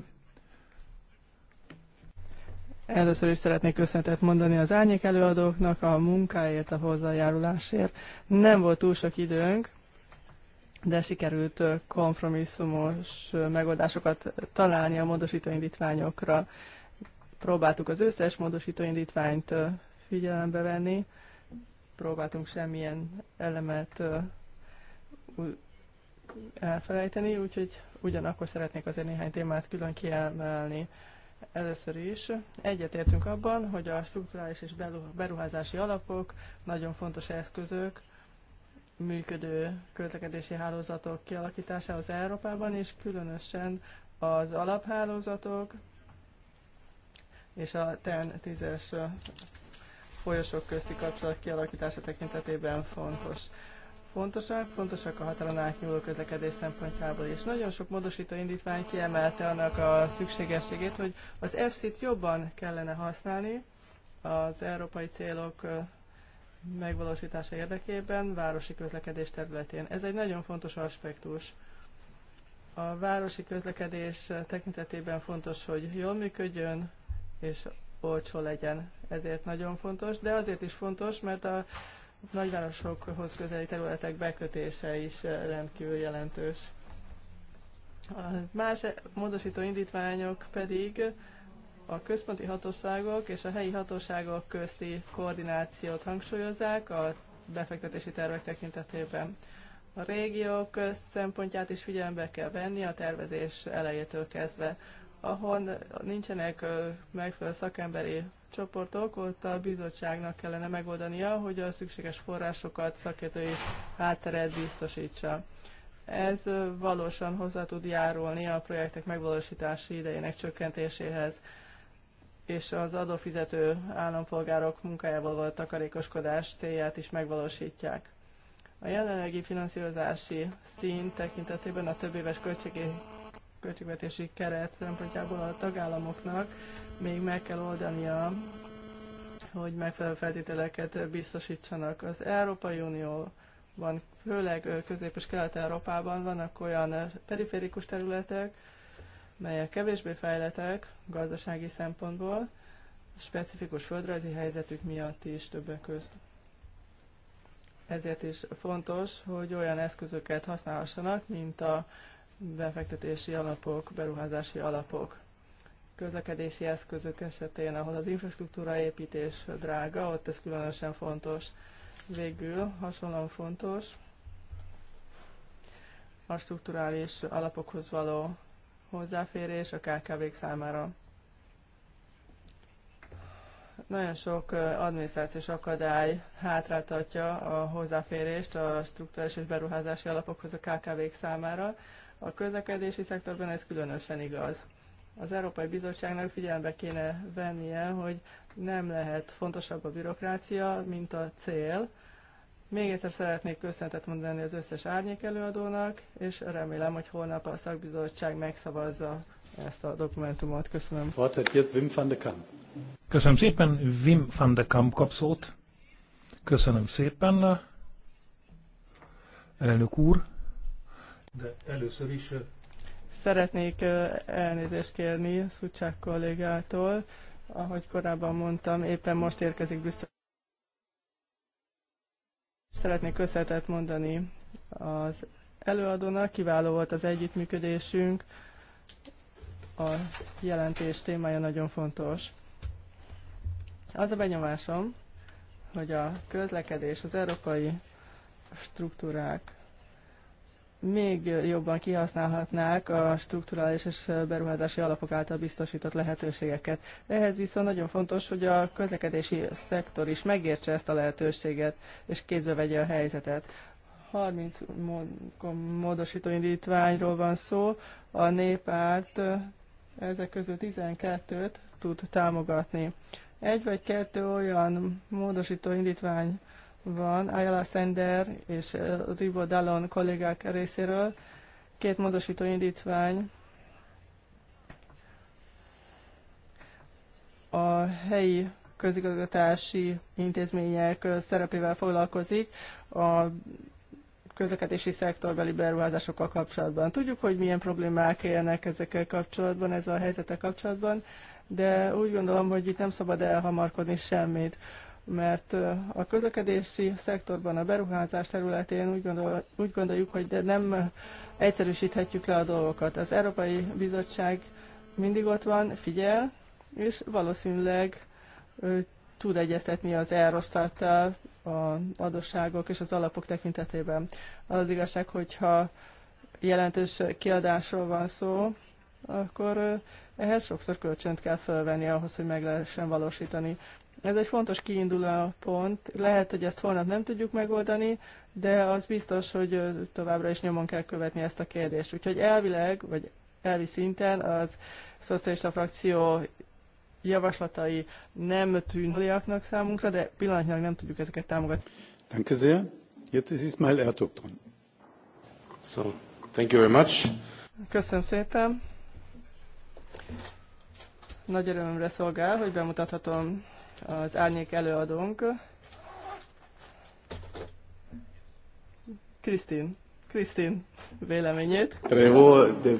Először is szeretnék köszönetet mondani az árnyék előadóknak a munkáért, a hozzájárulásért. Nem volt túl sok időnk, de sikerült kompromisszumos megoldásokat találni a módosítóindítványokra. indítványokra. Próbáltuk az összes módosító indítványt figyelembe venni, próbáltunk semmilyen elemet elfelejteni, úgyhogy ugyanakkor szeretnék azért néhány témát külön kiemelni. Először is egyetértünk abban, hogy a strukturális és beruházási alapok nagyon fontos eszközök működő közlekedési hálózatok kialakításához Európában, és különösen az alaphálózatok, és a TEN 10-es folyosók közti kapcsolat kialakítása tekintetében fontos. Fontosak, fontosak a határon átnyúló közlekedés szempontjából is. Nagyon sok módosító indítvány kiemelte annak a szükségességét, hogy az EFSZ-t jobban kellene használni az európai célok megvalósítása érdekében városi közlekedés területén. Ez egy nagyon fontos aspektus. A városi közlekedés tekintetében fontos, hogy jól működjön, és olcsó legyen. Ezért nagyon fontos, de azért is fontos, mert a nagyvárosokhoz közeli területek bekötése is eh, rendkívül jelentős. A más módosító indítványok pedig a központi hatóságok és a helyi hatóságok közti koordinációt hangsúlyozzák a befektetési tervek tekintetében. A régiók szempontját is figyelembe kell venni a tervezés elejétől kezdve ahol nincsenek megfelelő szakemberi csoportok, ott a bizottságnak kellene megoldania, hogy a szükséges forrásokat, szakértői hátteret biztosítsa. Ez valósan hozzá tud járulni a projektek megvalósítási idejének csökkentéséhez, és az adófizető állampolgárok munkájával való takarékoskodás célját is megvalósítják. A jelenlegi finanszírozási szint tekintetében a több éves költségi költségvetési keret szempontjából a tagállamoknak még meg kell oldania, hogy megfelelő feltételeket biztosítsanak. Az Európai Unióban, főleg Közép- és Kelet-Európában vannak olyan periférikus területek, melyek kevésbé fejletek gazdasági szempontból, specifikus földrajzi helyzetük miatt is többek között. Ezért is fontos, hogy olyan eszközöket használhassanak, mint a befektetési alapok, beruházási alapok. Közlekedési eszközök esetén, ahol az infrastruktúra építés drága, ott ez különösen fontos. Végül hasonlóan fontos a strukturális alapokhoz való hozzáférés a KKV-k számára. Nagyon sok adminisztrációs akadály hátráltatja a hozzáférést a struktúrális és beruházási alapokhoz a KKV-k számára. A közlekedési szektorban ez különösen igaz. Az Európai Bizottságnak figyelembe kéne vennie, hogy nem lehet fontosabb a bürokrácia, mint a cél. Még egyszer szeretnék köszönetet mondani az összes árnyék előadónak, és remélem, hogy holnap a szakbizottság megszavazza ezt a dokumentumot. Köszönöm. Köszönöm szépen, Wim van de Kamp kap szót. Köszönöm szépen, elnök úr. De először is... Szeretnék elnézést kérni Szucsák kollégától. Ahogy korábban mondtam, éppen most érkezik Brüsszel. Szeretnék köszönetet mondani az előadónak. Kiváló volt az együttműködésünk. A jelentés témája nagyon fontos. Az a benyomásom, hogy a közlekedés, az európai struktúrák még jobban kihasználhatnák a strukturális és beruházási alapok által biztosított lehetőségeket. Ehhez viszont nagyon fontos, hogy a közlekedési szektor is megértse ezt a lehetőséget, és kézbe vegye a helyzetet. 30 módosító indítványról van szó, a néppárt ezek közül 12-t tud támogatni. Egy vagy kettő olyan módosító indítvány van Ayala Sender és Rivo Dallon kollégák részéről. Két módosító indítvány a helyi közigazgatási intézmények szerepével foglalkozik a közlekedési szektorbeli beruházásokkal kapcsolatban. Tudjuk, hogy milyen problémák élnek ezekkel kapcsolatban, ez a helyzetek kapcsolatban, de úgy gondolom, hogy itt nem szabad elhamarkodni semmit mert a közlekedési szektorban, a beruházás területén úgy, gondol, úgy gondoljuk, hogy de nem egyszerűsíthetjük le a dolgokat. Az Európai Bizottság mindig ott van, figyel, és valószínűleg tud egyeztetni az Erostattal a adósságok és az alapok tekintetében. Az, az igazság, hogyha jelentős kiadásról van szó, akkor ehhez sokszor kölcsönt kell felvenni ahhoz, hogy meg lehessen valósítani. Ez egy fontos kiinduló pont. Lehet, hogy ezt holnap nem tudjuk megoldani, de az biztos, hogy továbbra is nyomon kell követni ezt a kérdést. Úgyhogy elvileg, vagy elvi szinten az szocialista frakció javaslatai nem tűnőliaknak számunkra, de pillanatnyilag nem tudjuk ezeket támogatni. Danke sehr. Jetzt ist Ismail So, thank you very much. Köszönöm szépen. Nagy örömömre szolgál, hogy bemutathatom az árnyék előadónk. Krisztin, Krisztin véleményét. Trevo de...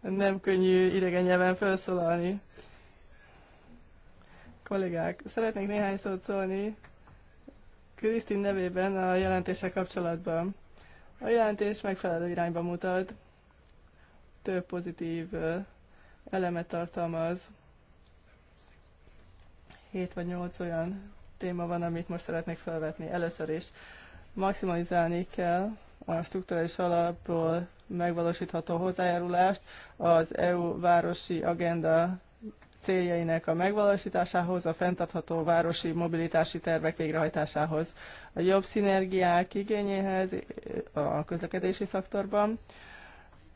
Nem könnyű idegen nyelven felszólalni. Kollégák, szeretnék néhány szót szólni Krisztin nevében a jelentése kapcsolatban. A jelentés megfelelő irányba mutat. Több pozitív elemet tartalmaz. 7 vagy 8 olyan téma van, amit most szeretnék felvetni. Először is maximalizálni kell a strukturális alapból megvalósítható hozzájárulást az EU városi agenda céljainak a megvalósításához, a fenntartható városi mobilitási tervek végrehajtásához, a jobb szinergiák igényéhez a közlekedési szaktorban.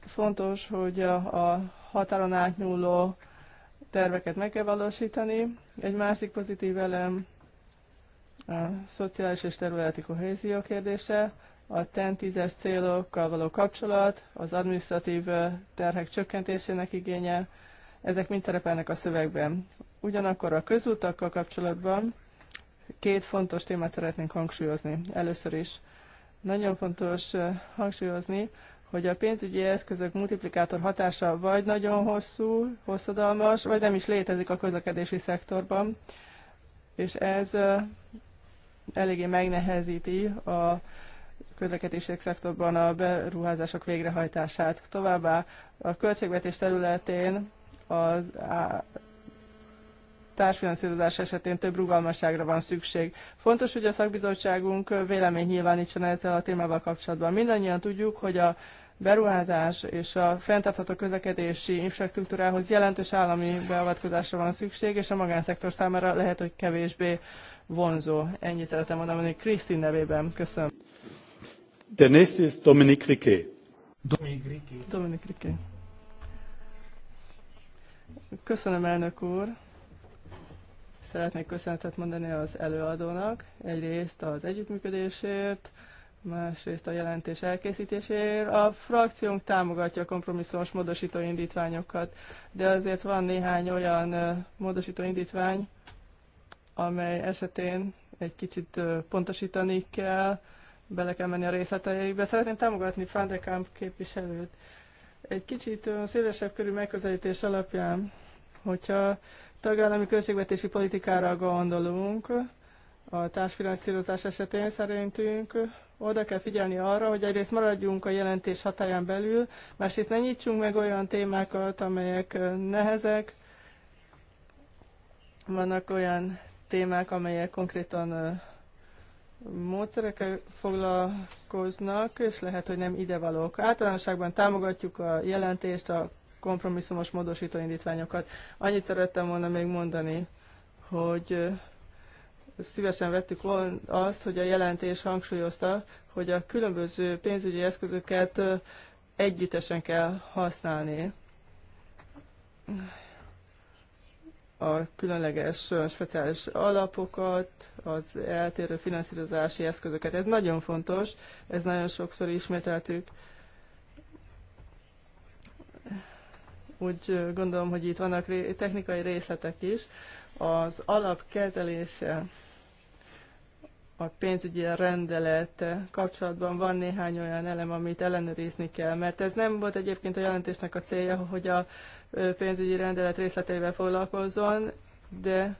Fontos, hogy a határon átnyúló terveket meg kell valósítani. Egy másik pozitív elem a szociális és területi kohézió kérdése, a TEN 10-es célokkal való kapcsolat, az administratív terhek csökkentésének igénye, ezek mind szerepelnek a szövegben. Ugyanakkor a közútakkal kapcsolatban két fontos témát szeretnénk hangsúlyozni. Először is nagyon fontos hangsúlyozni hogy a pénzügyi eszközök multiplikátor hatása vagy nagyon hosszú, hosszadalmas, vagy nem is létezik a közlekedési szektorban, és ez eléggé megnehezíti a közlekedési szektorban a beruházások végrehajtását. Továbbá a költségvetés területén az társfinanszírozás esetén több rugalmasságra van szükség. Fontos, hogy a szakbizottságunk vélemény nyilvánítson ezzel a témával kapcsolatban. Mindannyian tudjuk, hogy a beruházás és a fenntartható közlekedési infrastruktúrához jelentős állami beavatkozásra van szükség, és a magánszektor számára lehet, hogy kevésbé vonzó. Ennyit szeretem mondani Krisztin nevében. Köszönöm. Der nächste ist Dominique Dominique Riquet. Dominique Riquet. Köszönöm, elnök úr. Szeretnék köszönetet mondani az előadónak, egyrészt az együttműködésért, másrészt a jelentés elkészítéséért. A frakciónk támogatja a kompromisszumos módosító indítványokat, de azért van néhány olyan módosító indítvány, amely esetén egy kicsit pontosítani kell, bele kell menni a részleteikbe. Szeretném támogatni Fandekamp képviselőt. Egy kicsit szélesebb körű megközelítés alapján, hogyha tagállami költségvetési politikára gondolunk, a társfinanszírozás esetén szerintünk oda kell figyelni arra, hogy egyrészt maradjunk a jelentés hatáján belül, másrészt ne nyitsunk meg olyan témákat, amelyek nehezek. Vannak olyan témák, amelyek konkrétan módszerekkel foglalkoznak, és lehet, hogy nem idevalók. Általánosságban támogatjuk a jelentést, a kompromisszumos módosítóindítványokat. indítványokat. Annyit szerettem volna még mondani, hogy szívesen vettük azt, hogy a jelentés hangsúlyozta, hogy a különböző pénzügyi eszközöket együttesen kell használni. A különleges, speciális alapokat, az eltérő finanszírozási eszközöket. Ez nagyon fontos, ez nagyon sokszor ismételtük. Úgy gondolom, hogy itt vannak technikai részletek is. Az alapkezelése a pénzügyi rendelet kapcsolatban van néhány olyan elem, amit ellenőrizni kell, mert ez nem volt egyébként a jelentésnek a célja, hogy a pénzügyi rendelet részleteivel foglalkozzon, de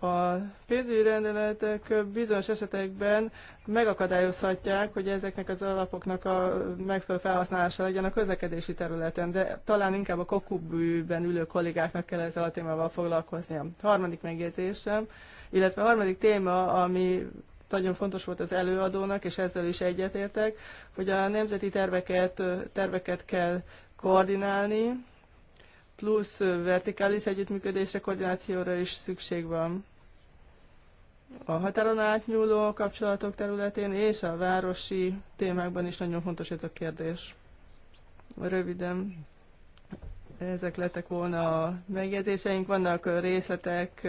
a pénzügyi rendeletek bizonyos esetekben megakadályozhatják, hogy ezeknek az alapoknak a megfelelő felhasználása legyen a közlekedési területen, de talán inkább a kokubűben ülő kollégáknak kell ezzel a témával foglalkoznia. Harmadik megjegyzésem, illetve a harmadik téma, ami nagyon fontos volt az előadónak, és ezzel is egyetértek, hogy a nemzeti terveket, terveket kell koordinálni, plusz vertikális együttműködésre, koordinációra is szükség van. A határon átnyúló kapcsolatok területén és a városi témákban is nagyon fontos ez a kérdés. Röviden ezek lettek volna a megjegyzéseink. Vannak részletek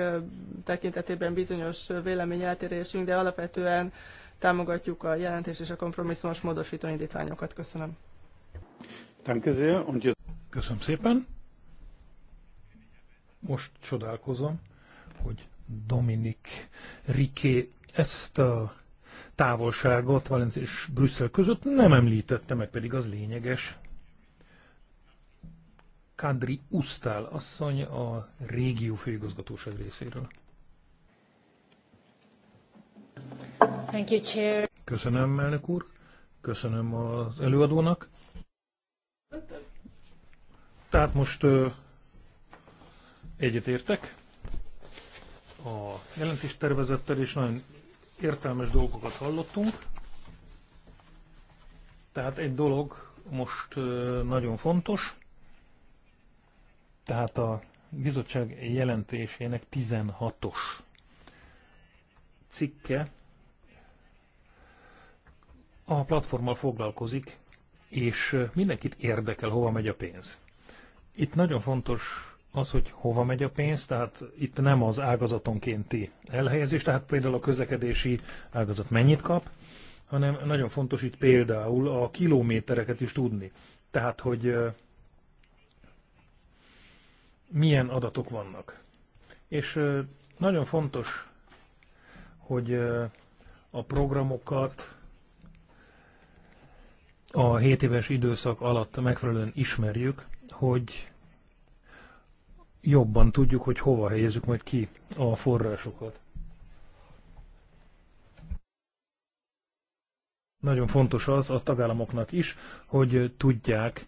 tekintetében bizonyos véleményeltérésünk, de alapvetően támogatjuk a jelentés és a kompromisszumos módosító indítványokat. Köszönöm. Köszönöm szépen. Most csodálkozom, hogy Dominik Riké ezt a távolságot Valenci és Brüsszel között nem említette, meg pedig az lényeges. Kadri Usztál asszony a régió főigazgatóság részéről. Thank you, Chair. Köszönöm, elnök úr. Köszönöm az előadónak. Tehát most ö, egyetértek a tervezettel, és nagyon értelmes dolgokat hallottunk. Tehát egy dolog most ö, nagyon fontos, tehát a bizottság jelentésének 16-os cikke a platformmal foglalkozik, és mindenkit érdekel, hova megy a pénz. Itt nagyon fontos az, hogy hova megy a pénz, tehát itt nem az ágazatonkénti elhelyezés, tehát például a közlekedési ágazat mennyit kap, hanem nagyon fontos itt például a kilométereket is tudni. Tehát, hogy milyen adatok vannak. És nagyon fontos, hogy a programokat a 7 éves időszak alatt megfelelően ismerjük, hogy jobban tudjuk, hogy hova helyezzük majd ki a forrásokat. Nagyon fontos az a tagállamoknak is, hogy tudják,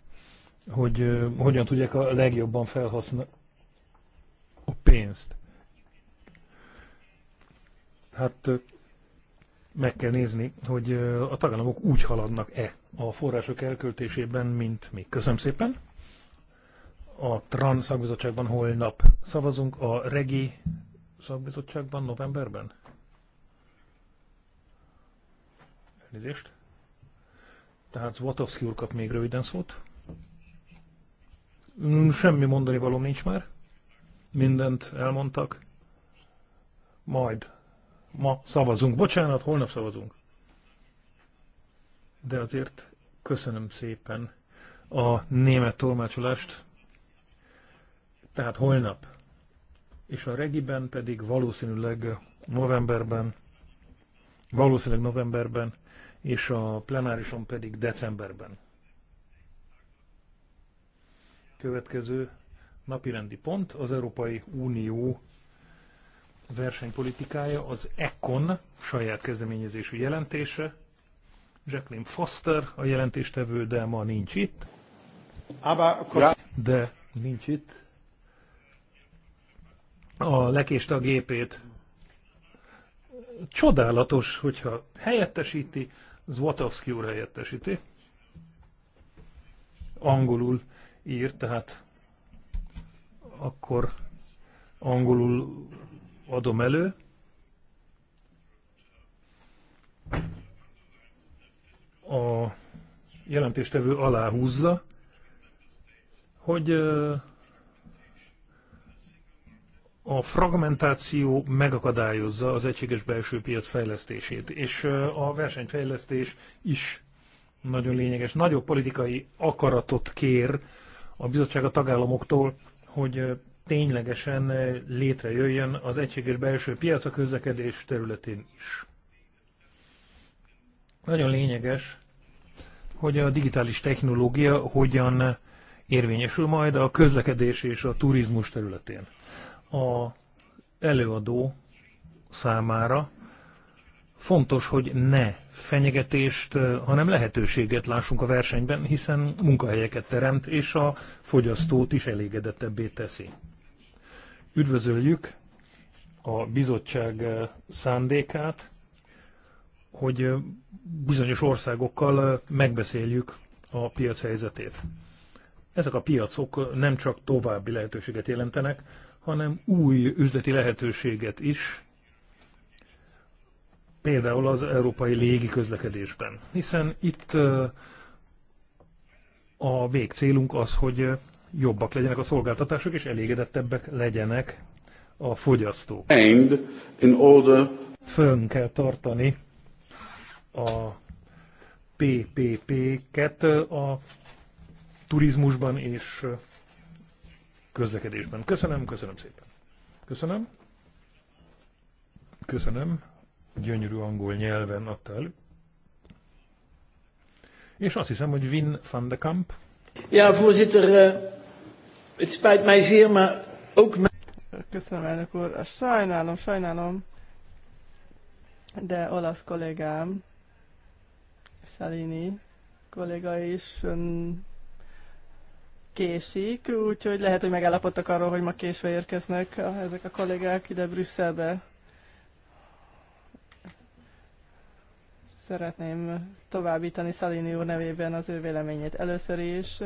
hogy hogyan tudják a legjobban felhasználni pénzt. Hát meg kell nézni, hogy a tagállamok úgy haladnak-e a források elköltésében, mint mi. Köszönöm szépen! A TRAN szakbizottságban holnap szavazunk, a REGI szakbizottságban novemberben? Elnézést. Tehát Zvatowski úr kap még röviden szót. Mm, semmi mondani való nincs már mindent elmondtak. Majd ma szavazunk. Bocsánat, holnap szavazunk. De azért köszönöm szépen a német tolmácsolást. Tehát holnap. És a regiben pedig valószínűleg novemberben, valószínűleg novemberben, és a plenárison pedig decemberben. Következő napirendi pont az Európai Unió versenypolitikája, az ECON saját kezdeményezésű jelentése. Jacqueline Foster a jelentéstevő, de ma nincs itt. De nincs itt. A lekést a gépét. Csodálatos, hogyha helyettesíti, Zvatowski úr helyettesíti. Angolul ír, tehát akkor angolul adom elő. A jelentéstevő aláhúzza, hogy a fragmentáció megakadályozza az egységes belső piac fejlesztését, és a versenyfejlesztés is nagyon lényeges. Nagyobb politikai akaratot kér a bizottság a tagállamoktól, hogy ténylegesen létrejöjjön az egységes belső piac a közlekedés területén is. Nagyon lényeges, hogy a digitális technológia hogyan érvényesül majd a közlekedés és a turizmus területén. A előadó számára fontos, hogy ne fenyegetést, hanem lehetőséget lássunk a versenyben, hiszen munkahelyeket teremt, és a fogyasztót is elégedettebbé teszi. Üdvözöljük a bizottság szándékát, hogy bizonyos országokkal megbeszéljük a piac helyzetét. Ezek a piacok nem csak további lehetőséget jelentenek, hanem új üzleti lehetőséget is például az európai légi közlekedésben. Hiszen itt a végcélunk az, hogy jobbak legyenek a szolgáltatások, és elégedettebbek legyenek a fogyasztók. And in order... Fönn kell tartani a PPP-ket a turizmusban és közlekedésben. Köszönöm, köszönöm szépen. Köszönöm. Köszönöm gyönyörű angol nyelven adta elő. És azt hiszem, hogy Win van de Kamp. Ja, voorzitter, uh, het spijt mij zeer, maar ook... Köszönöm, elnök úr. Ah, sajnálom, sajnálom, de olasz kollégám, Salini kolléga is um, késik, úgyhogy lehet, hogy megállapodtak arról, hogy ma késve érkeznek a, ezek a kollégák ide Brüsszelbe. szeretném továbbítani Szalini úr nevében az ő véleményét. Először is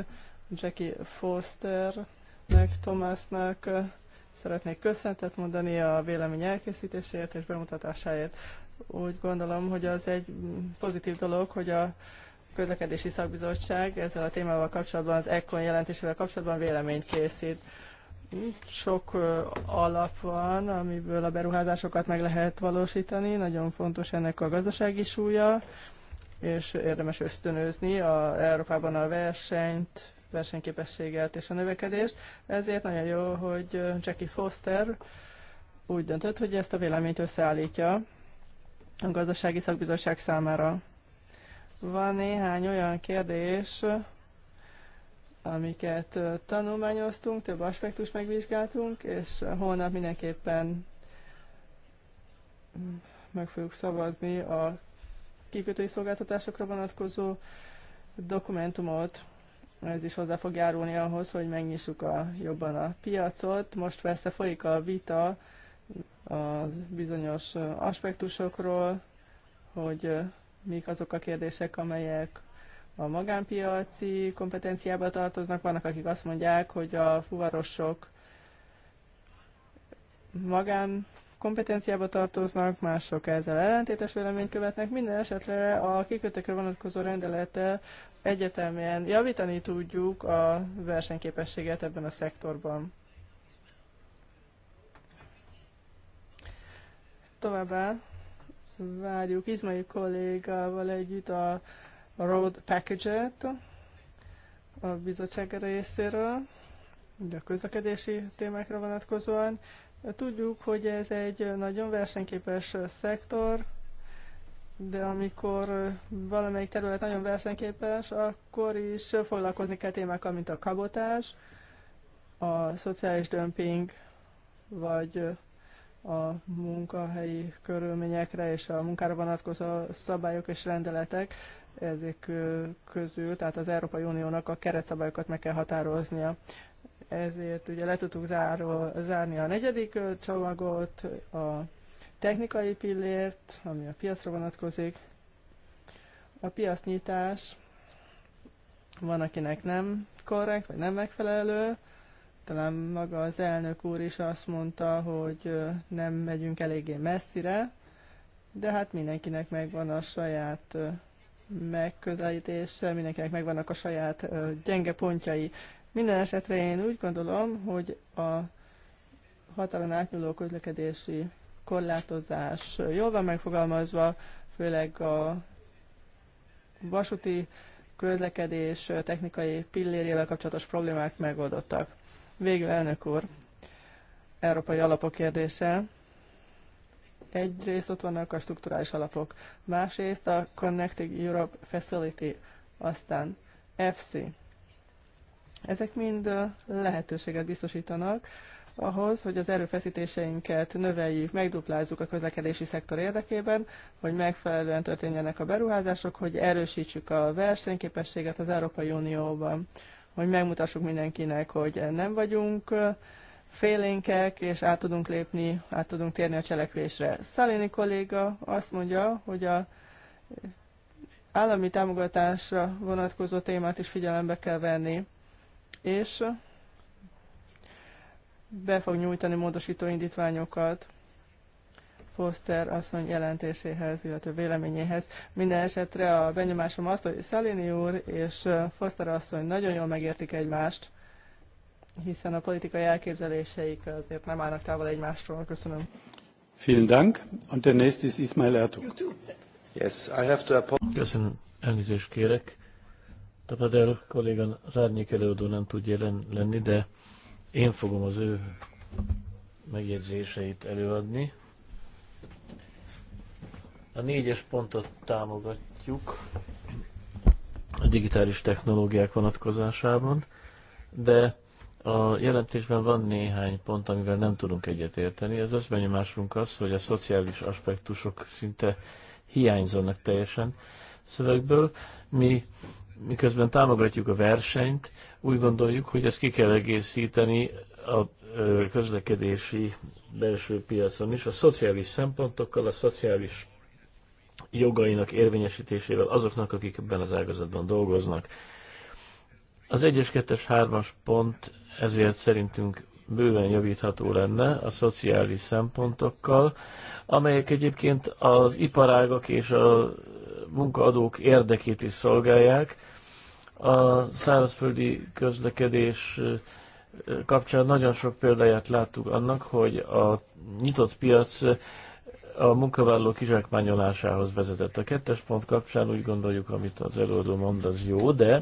Jackie Fosternek, Thomasnak szeretnék köszöntet mondani a vélemény elkészítéséért és bemutatásáért. Úgy gondolom, hogy az egy pozitív dolog, hogy a közlekedési szakbizottság ezzel a témával kapcsolatban, az ECON jelentésével kapcsolatban véleményt készít. Sok alap van, amiből a beruházásokat meg lehet valósítani, nagyon fontos ennek a gazdasági súlya, és érdemes ösztönözni a, Európában a versenyt, versenyképességet és a növekedést. Ezért nagyon jó, hogy Jackie Foster úgy döntött, hogy ezt a véleményt összeállítja a gazdasági szakbizottság számára. Van néhány olyan kérdés, amiket tanulmányoztunk, több aspektus megvizsgáltunk, és holnap mindenképpen mm, meg fogjuk szavazni a kikötői szolgáltatásokra vonatkozó dokumentumot. Ez is hozzá fog járulni ahhoz, hogy megnyissuk a, jobban a piacot. Most persze folyik a vita a bizonyos aspektusokról, hogy mik azok a kérdések, amelyek a magánpiaci kompetenciába tartoznak, vannak, akik azt mondják, hogy a fuvarosok magán kompetenciába tartoznak, mások ezzel ellentétes véleményt követnek. Minden esetre a kikötőkre vonatkozó rendelete egyetemen javítani tudjuk a versenyképességet ebben a szektorban. Továbbá várjuk Izmai kollégával együtt a road package-et a bizottság részéről, ugye a közlekedési témákra vonatkozóan. Tudjuk, hogy ez egy nagyon versenyképes szektor, de amikor valamelyik terület nagyon versenyképes, akkor is foglalkozni kell témákkal, mint a kabotás, a szociális dömping, vagy a munkahelyi körülményekre és a munkára vonatkozó szabályok és rendeletek, ezek közül, tehát az Európai Uniónak a keretszabályokat meg kell határoznia. Ezért ugye le tudtuk záró, zárni a negyedik csomagot, a technikai pillért, ami a piacra vonatkozik. A piacnyitás van, akinek nem korrekt, vagy nem megfelelő, talán maga az elnök úr is azt mondta, hogy nem megyünk eléggé messzire, de hát mindenkinek megvan a saját megközelítése, mindenkinek megvannak a saját gyenge pontjai. Minden esetre én úgy gondolom, hogy a határon átnyúló közlekedési korlátozás jól van megfogalmazva, főleg a vasúti közlekedés technikai pillérjével kapcsolatos problémák megoldottak. Végül, elnök úr, európai alapok kérdése. Egyrészt ott vannak a strukturális alapok, másrészt a Connecting Europe Facility, aztán FC. Ezek mind lehetőséget biztosítanak ahhoz, hogy az erőfeszítéseinket növeljük, megduplázzuk a közlekedési szektor érdekében, hogy megfelelően történjenek a beruházások, hogy erősítsük a versenyképességet az Európai Unióban hogy megmutassuk mindenkinek, hogy nem vagyunk félénkek, és át tudunk lépni, át tudunk térni a cselekvésre. Szaléni kolléga azt mondja, hogy a állami támogatásra vonatkozó témát is figyelembe kell venni, és be fog nyújtani módosító indítványokat. Foster asszony jelentéséhez, illetve véleményéhez. Minden esetre a benyomásom az, hogy Szalini úr és Foster asszony nagyon jól megértik egymást, hiszen a politikai elképzeléseik azért nem állnak távol egymástól. Köszönöm. Vielen Dank. Und der nächste ist Ismail Ertug. Yes, I have to apologize. Köszönöm. Elnézést kérek. Tapadel kollégan Rárnyék előadó nem tud jelen lenni, de én fogom az ő megjegyzéseit előadni. A négyes pontot támogatjuk a digitális technológiák vonatkozásában, de a jelentésben van néhány pont, amivel nem tudunk egyetérteni. Ez az benyomásunk az, hogy a szociális aspektusok szinte hiányzanak teljesen szövegből. Mi miközben támogatjuk a versenyt, úgy gondoljuk, hogy ezt ki kell egészíteni a közlekedési belső piacon is, a szociális szempontokkal, a szociális jogainak érvényesítésével azoknak, akik ebben az ágazatban dolgoznak. Az 1-es, 2-es, 3-as pont ezért szerintünk bőven javítható lenne a szociális szempontokkal, amelyek egyébként az iparágak és a munkaadók érdekét is szolgálják. A szárazföldi közlekedés kapcsán nagyon sok példáját láttuk annak, hogy a nyitott piac a munkavállalók kizsákmányolásához vezetett. A kettes pont kapcsán úgy gondoljuk, amit az előadó mond, az jó, de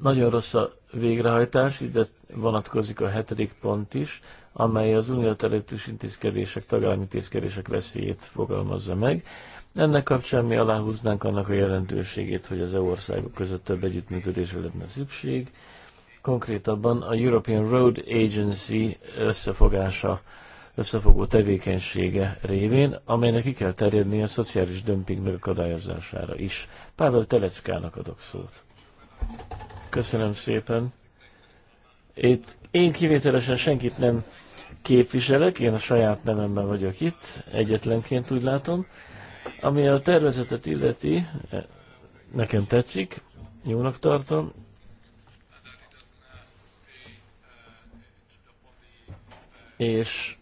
nagyon rossz a végrehajtás, ide vonatkozik a hetedik pont is, amely az unilaterális intézkedések, tagállami intézkedések veszélyét fogalmazza meg. Ennek kapcsán mi aláhúznánk annak a jelentőségét, hogy az EU országok között több együttműködésre lenne szükség. Konkrétabban a European Road Agency összefogása összefogó tevékenysége révén, amelynek ki kell terjedni a szociális dömping megakadályozására is. Pável Teleckának adok szót. Köszönöm szépen. Itt én kivételesen senkit nem képviselek, én a saját nememben vagyok itt, egyetlenként úgy látom. Ami a tervezetet illeti, nekem tetszik, jónak tartom. És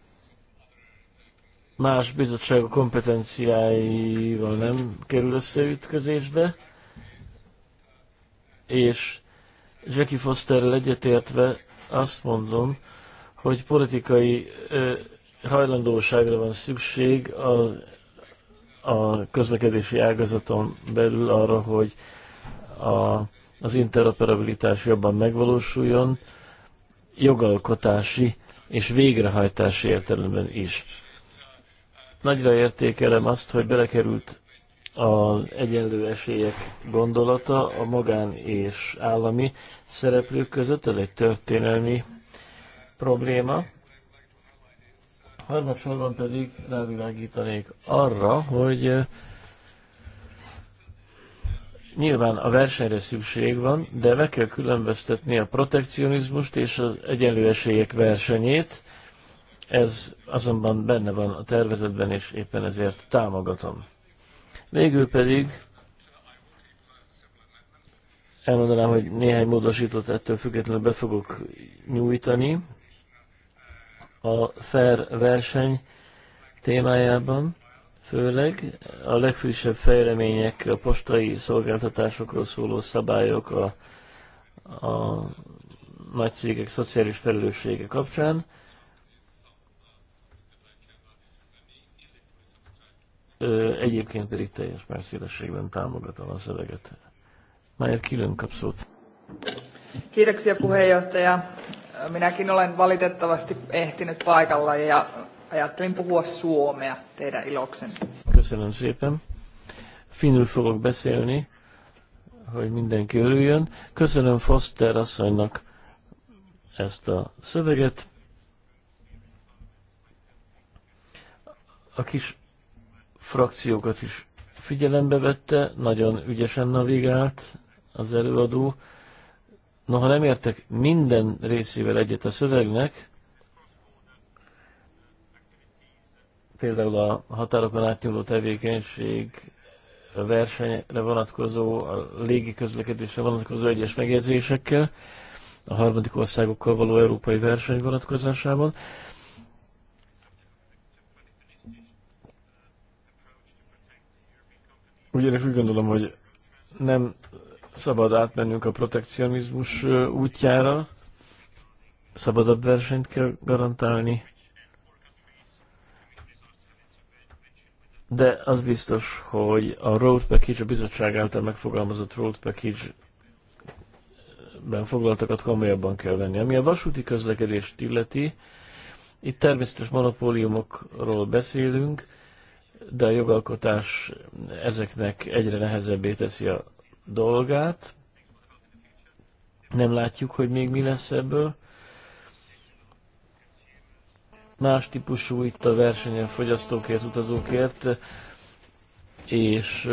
más bizottságok kompetenciáival nem kerül összeütközésbe, és Jackie Foster egyetértve azt mondom, hogy politikai ö, hajlandóságra van szükség a, a közlekedési ágazaton belül arra, hogy a, az interoperabilitás jobban megvalósuljon, jogalkotási és végrehajtási értelemben is. Nagyra értékelem azt, hogy belekerült az egyenlő esélyek gondolata a magán és állami szereplők között. Ez egy történelmi probléma. Harmadsorban pedig rávilágítanék arra, hogy eh, nyilván a versenyre szükség van, de meg kell különböztetni a protekcionizmust és az egyenlő esélyek versenyét. Ez azonban benne van a tervezetben, és éppen ezért támogatom. Végül pedig elmondanám, hogy néhány módosítót ettől függetlenül be fogok nyújtani a fair verseny témájában, főleg a legfrissebb fejlemények, a postai szolgáltatásokról szóló szabályok a, a nagy cégek szociális felelőssége kapcsán, egyébként pedig teljes szélességben támogatom a szöveget. Már külön kapszót. Kiitoksia puheenjohtaja. Minäkin olen valitettavasti ehtinyt paikalla ja ajattelin puhua suomea teidän iloksen. Köszönöm szépen. Finnul fogok beszélni, hogy mindenki örüljön. Köszönöm Foster asszonynak ezt a szöveget. A kis frakciókat is figyelembe vette, nagyon ügyesen navigált az előadó. Noha nem értek minden részével egyet a szövegnek, például a határokon átnyúló tevékenység, a versenyre vonatkozó, a légi közlekedésre vonatkozó egyes megjegyzésekkel, a harmadik országokkal való európai verseny vonatkozásában. Ugyanis úgy gondolom, hogy nem szabad átmennünk a protekcionizmus útjára, szabadabb versenyt kell garantálni, de az biztos, hogy a road package, a bizottság által megfogalmazott road package ben foglaltakat komolyabban kell venni. Ami a vasúti közlekedést illeti, itt természetes monopóliumokról beszélünk, de a jogalkotás ezeknek egyre nehezebbé teszi a dolgát. Nem látjuk, hogy még mi lesz ebből. Más típusú itt a verseny a fogyasztókért, utazókért, és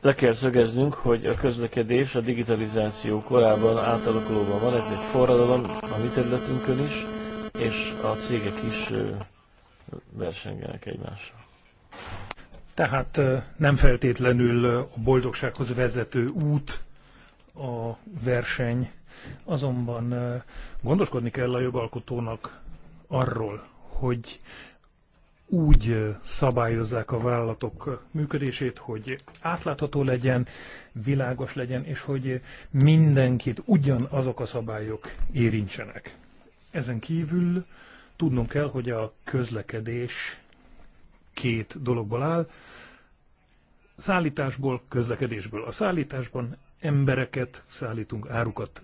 le kell szögeznünk, hogy a közlekedés a digitalizáció korában átalakulóban van, ez egy forradalom a mi területünkön is, és a cégek is versengenek egymással. Tehát nem feltétlenül a boldogsághoz vezető út a verseny, azonban gondoskodni kell a jogalkotónak arról, hogy úgy szabályozzák a vállalatok működését, hogy átlátható legyen, világos legyen, és hogy mindenkit ugyanazok a szabályok érintsenek. Ezen kívül tudnunk kell, hogy a közlekedés két dologból áll. Szállításból, közlekedésből. A szállításban embereket szállítunk, árukat.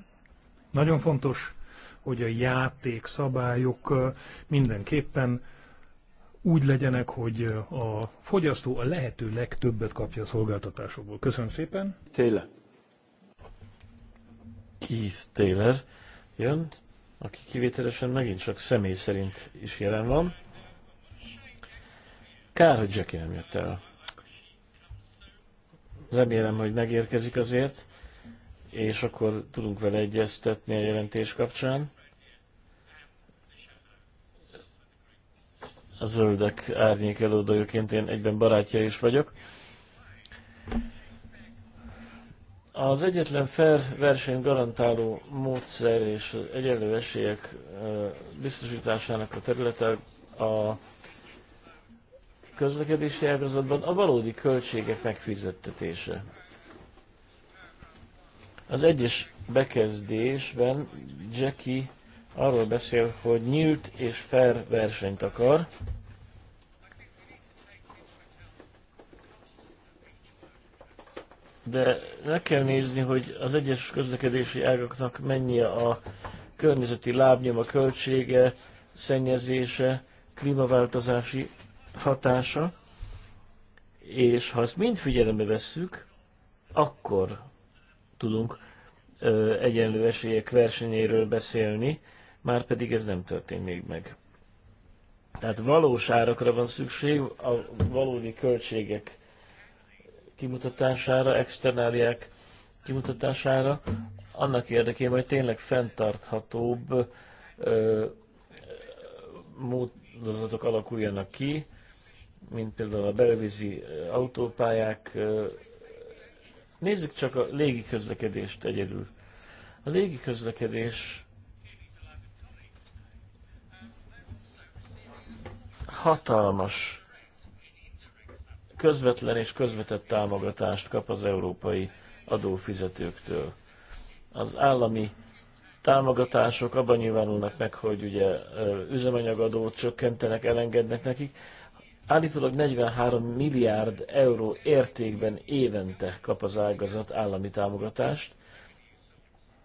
Nagyon fontos, hogy a játék szabályok mindenképpen úgy legyenek, hogy a fogyasztó a lehető legtöbbet kapja a szolgáltatásokból. Köszönöm szépen. Taylor. Keith Taylor jön aki kivételesen megint csak személy szerint is jelen van. Kár, hogy Jackie nem jött el. Remélem, hogy megérkezik azért, és akkor tudunk vele egyeztetni a jelentés kapcsán. A zöldek árnyék előadójaként én egyben barátja is vagyok. Az egyetlen fair verseny garantáló módszer és az egyenlő esélyek biztosításának a területe a közlekedési ágazatban a valódi költségek megfizettetése. Az egyes bekezdésben Jackie arról beszél, hogy nyílt és fair versenyt akar, de meg kell nézni, hogy az egyes közlekedési ágaknak mennyi a környezeti lábnyom, a költsége, szennyezése, klímaváltozási hatása, és ha ezt mind figyelembe vesszük, akkor tudunk ö, egyenlő esélyek versenyéről beszélni, már pedig ez nem történt még meg. Tehát valós árakra van szükség, a valódi költségek kimutatására, externáliák kimutatására, annak érdekében, hogy tényleg fenntarthatóbb ö, módozatok alakuljanak ki, mint például a belvízi autópályák. nézzük csak a légi közlekedést egyedül. A légi közlekedés hatalmas közvetlen és közvetett támogatást kap az európai adófizetőktől. Az állami támogatások abban nyilvánulnak meg, hogy ugye üzemanyagadót csökkentenek, elengednek nekik. Állítólag 43 milliárd euró értékben évente kap az ágazat állami támogatást,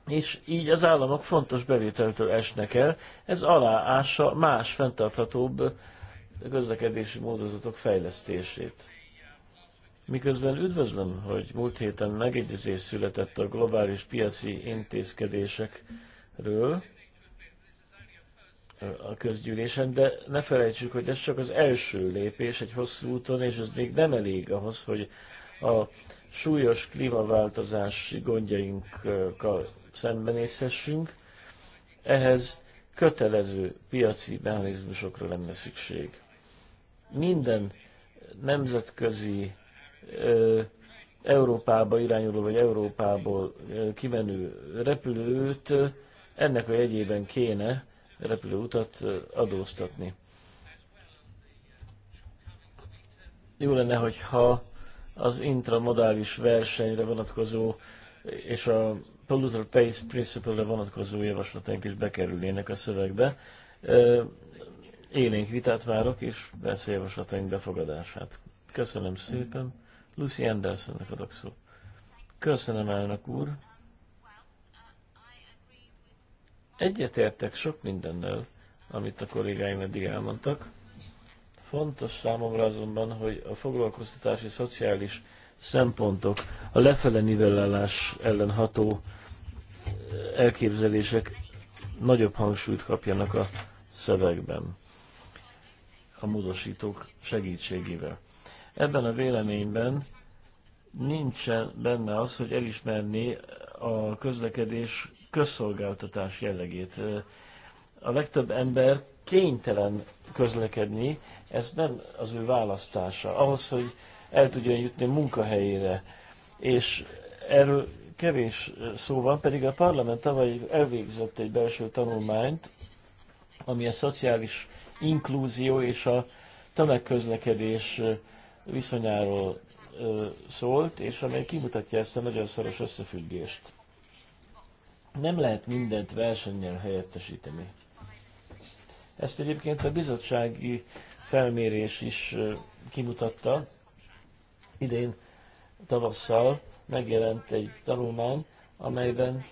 és így az államok fontos bevételtől esnek el, ez aláássa más fenntarthatóbb közlekedési módozatok fejlesztését. Miközben üdvözlöm, hogy múlt héten megegyezés született a globális piaci intézkedésekről a közgyűlésen, de ne felejtsük, hogy ez csak az első lépés egy hosszú úton, és ez még nem elég ahhoz, hogy a súlyos klímaváltozási gondjainkkal szembenézhessünk. Ehhez kötelező piaci mechanizmusokra lenne szükség. Minden nemzetközi Európába irányuló vagy Európából kimenő repülőt ennek a jegyében kéne repülőutat adóztatni. Jó lenne, hogyha az intramodális versenyre vonatkozó és a polluter pays principle-re vonatkozó javaslataink is bekerülnének a szövegbe. Élénk vitát várok, és persze javaslataink befogadását. Köszönöm szépen! Lucy Andersonnak adok szó. Köszönöm, elnök úr. Egyetértek sok mindennel, amit a kollégáim eddig elmondtak. Fontos számomra azonban, hogy a foglalkoztatási szociális szempontok, a lefele nivellálás ellen ható eh, elképzelések nagyobb hangsúlyt kapjanak a szövegben a módosítók segítségével. Ebben a véleményben nincsen benne az, hogy elismerni a közlekedés közszolgáltatás jellegét. A legtöbb ember kénytelen közlekedni, ez nem az ő választása. Ahhoz, hogy el tudjon jutni munkahelyére. És erről kevés szó van, pedig a parlament tavaly elvégzett egy belső tanulmányt, ami a szociális inklúzió és a tömegközlekedés viszonyáról szólt, és amely kimutatja ezt a nagyon szoros összefüggést. Nem lehet mindent versennyel helyettesíteni. Ezt egyébként a bizottsági felmérés is kimutatta. Idén tavasszal megjelent egy tanulmány, amelyben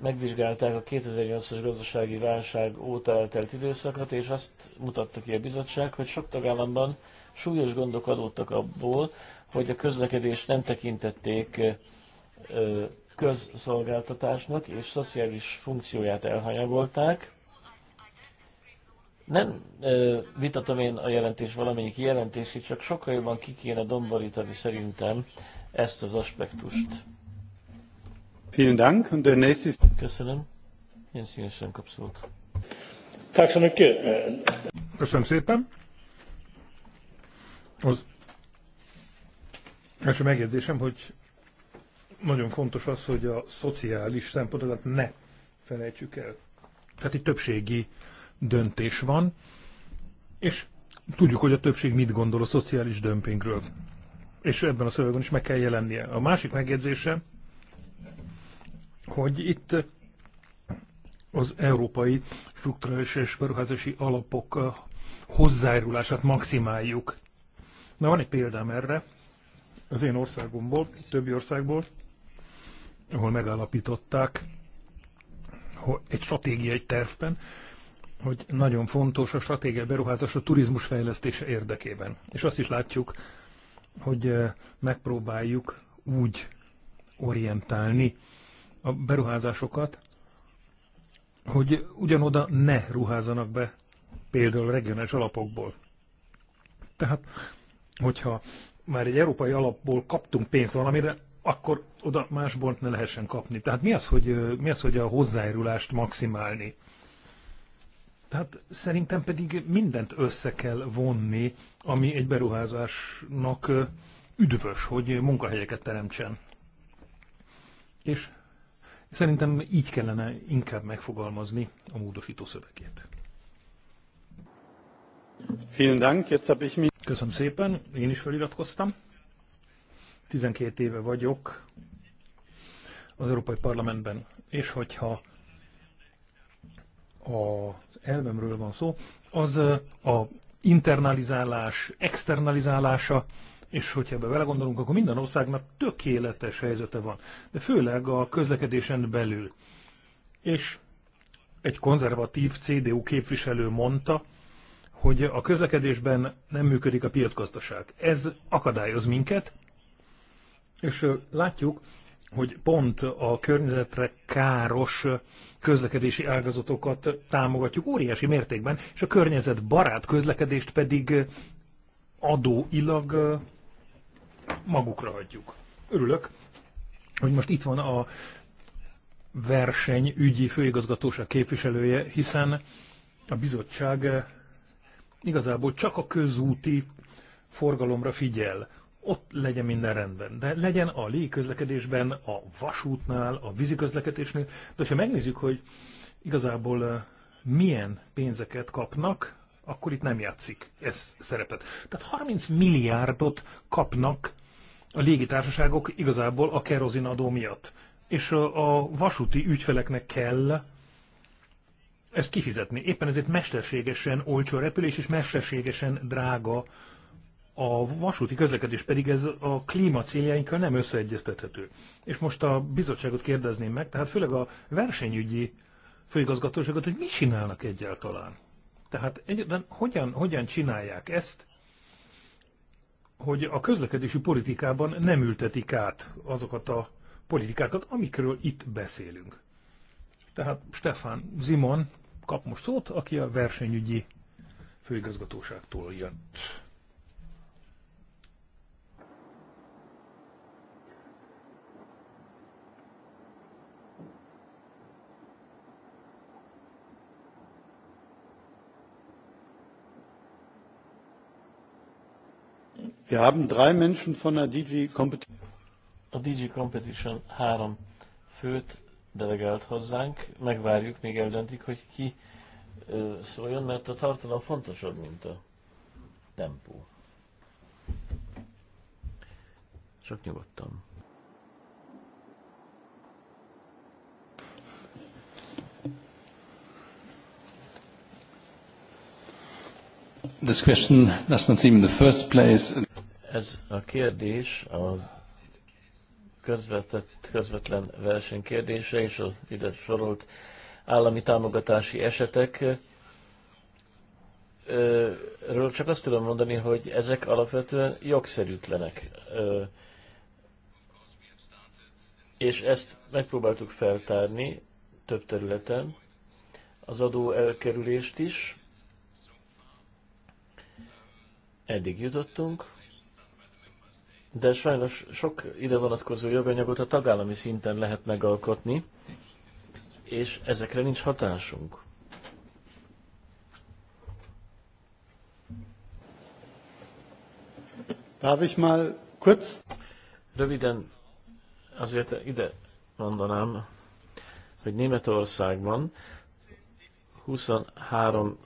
megvizsgálták a 2008-as gazdasági válság óta eltelt időszakot, és azt mutatta ki a bizottság, hogy sok tagállamban Súlyos gondok adódtak abból, hogy a közlekedést nem tekintették közszolgáltatásnak, és szociális funkcióját elhanyagolták. Nem vitatom én a jelentés valamelyik jelentését, csak sokkal jobban ki kéne domborítani szerintem ezt az aspektust. Vielen Dank. Und der nächste ist... Köszönöm. Ilyen színesen kapsz Köszönöm szépen. Az első megjegyzésem, hogy nagyon fontos az, hogy a szociális szempontokat ne felejtsük el. Tehát itt többségi döntés van, és tudjuk, hogy a többség mit gondol a szociális dömpingről. És ebben a szövegben is meg kell jelennie. A másik megjegyzése, hogy itt az európai strukturális és beruházási alapok eh, hozzájárulását maximáljuk. Na van egy példám erre, az én országomból, többi országból, ahol megállapították hogy egy stratégiai tervben, hogy nagyon fontos a stratégiai beruházás a turizmus fejlesztése érdekében. És azt is látjuk, hogy eh, megpróbáljuk úgy orientálni a beruházásokat, hogy ugyanoda ne ruházzanak be például regionális alapokból. Tehát hogyha már egy európai alapból kaptunk pénzt valamire, akkor oda másból ne lehessen kapni. Tehát mi az, hogy, mi az, hogy a hozzájárulást maximálni? Tehát szerintem pedig mindent össze kell vonni, ami egy beruházásnak üdvös, hogy munkahelyeket teremtsen. És szerintem így kellene inkább megfogalmazni a módosító szövegét. Vielen Dank, jetzt habe ich mich Köszönöm szépen, én is feliratkoztam. 12 éve vagyok az Európai Parlamentben, és hogyha az elvemről van szó, az a internalizálás, externalizálása, és hogyha ebbe gondolunk akkor minden országnak tökéletes helyzete van, de főleg a közlekedésen belül. És egy konzervatív CDU képviselő mondta, hogy a közlekedésben nem működik a piacgazdaság. Ez akadályoz minket, és látjuk, hogy pont a környezetre káros közlekedési ágazatokat támogatjuk óriási mértékben, és a környezetbarát közlekedést pedig adóilag magukra hagyjuk. Örülök, hogy most itt van a versenyügyi főigazgatóság képviselője, hiszen a bizottság igazából csak a közúti forgalomra figyel, ott legyen minden rendben. De legyen a közlekedésben, a vasútnál, a víziközlekedésnél. De ha megnézzük, hogy igazából milyen pénzeket kapnak, akkor itt nem játszik ez szerepet. Tehát 30 milliárdot kapnak a légitársaságok igazából a kerozinadó miatt. És a vasúti ügyfeleknek kell ezt kifizetni. Éppen ezért mesterségesen olcsó a repülés, és mesterségesen drága a vasúti közlekedés pedig ez a klíma céljainkkal nem összeegyeztethető. És most a bizottságot kérdezném meg, tehát főleg a versenyügyi főigazgatóságot, hogy mit csinálnak egyáltalán. Tehát de hogyan, hogyan csinálják ezt, hogy a közlekedési politikában nem ültetik át azokat a politikákat, amikről itt beszélünk. Tehát Stefan Zimon kap most szót, aki a versenyügyi főigazgatóságtól jött. Wir haben drei Menschen von der DG Competition. A DG Competition három főt delegált hozzánk. Megvárjuk, még eldöntik, hogy ki szóljon, mert a tartalom fontosabb, mint a tempó. Csak nyugodtan. This question does not seem in the first place. Ez a kérdés az közvetett, közvetlen versenykérdése és az ide sorolt állami támogatási esetek ről csak azt tudom mondani, hogy ezek alapvetően jogszerűtlenek. És ezt megpróbáltuk feltárni több területen, az adó elkerülést is. Eddig jutottunk de sajnos sok ide vonatkozó joganyagot a tagállami szinten lehet megalkotni, és ezekre nincs hatásunk. Darf ich mal kurz? Röviden azért ide mondanám, hogy Németországban 23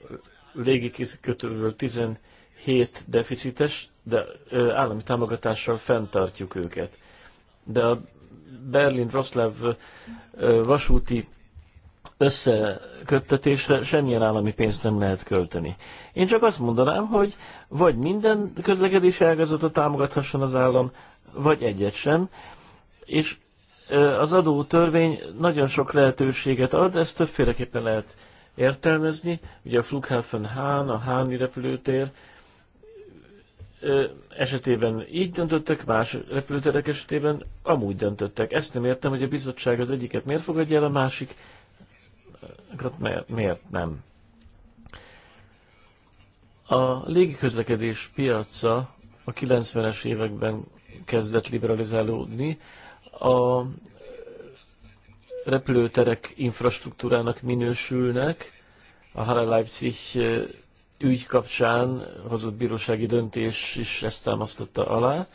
légikötőből 17 deficites, de állami támogatással fenntartjuk őket. De a Berlin-Vroszláv vasúti összeköttetésre semmilyen állami pénzt nem lehet költeni. Én csak azt mondanám, hogy vagy minden közlekedési ágazatot támogathasson az állam, vagy egyet sem, és az adó törvény nagyon sok lehetőséget ad, ezt többféleképpen lehet értelmezni. Ugye a Flughafen Hán, a Háni repülőtér, esetében így döntöttek, más repülőterek esetében amúgy döntöttek. Ezt nem értem, hogy a bizottság az egyiket miért fogadja el, a másik miért nem. A légiközlekedés piaca a 90-es években kezdett liberalizálódni. A repülőterek infrastruktúrának minősülnek, a Halle Leipzig ügy kapcsán hozott bírósági döntés is ezt támasztotta alá.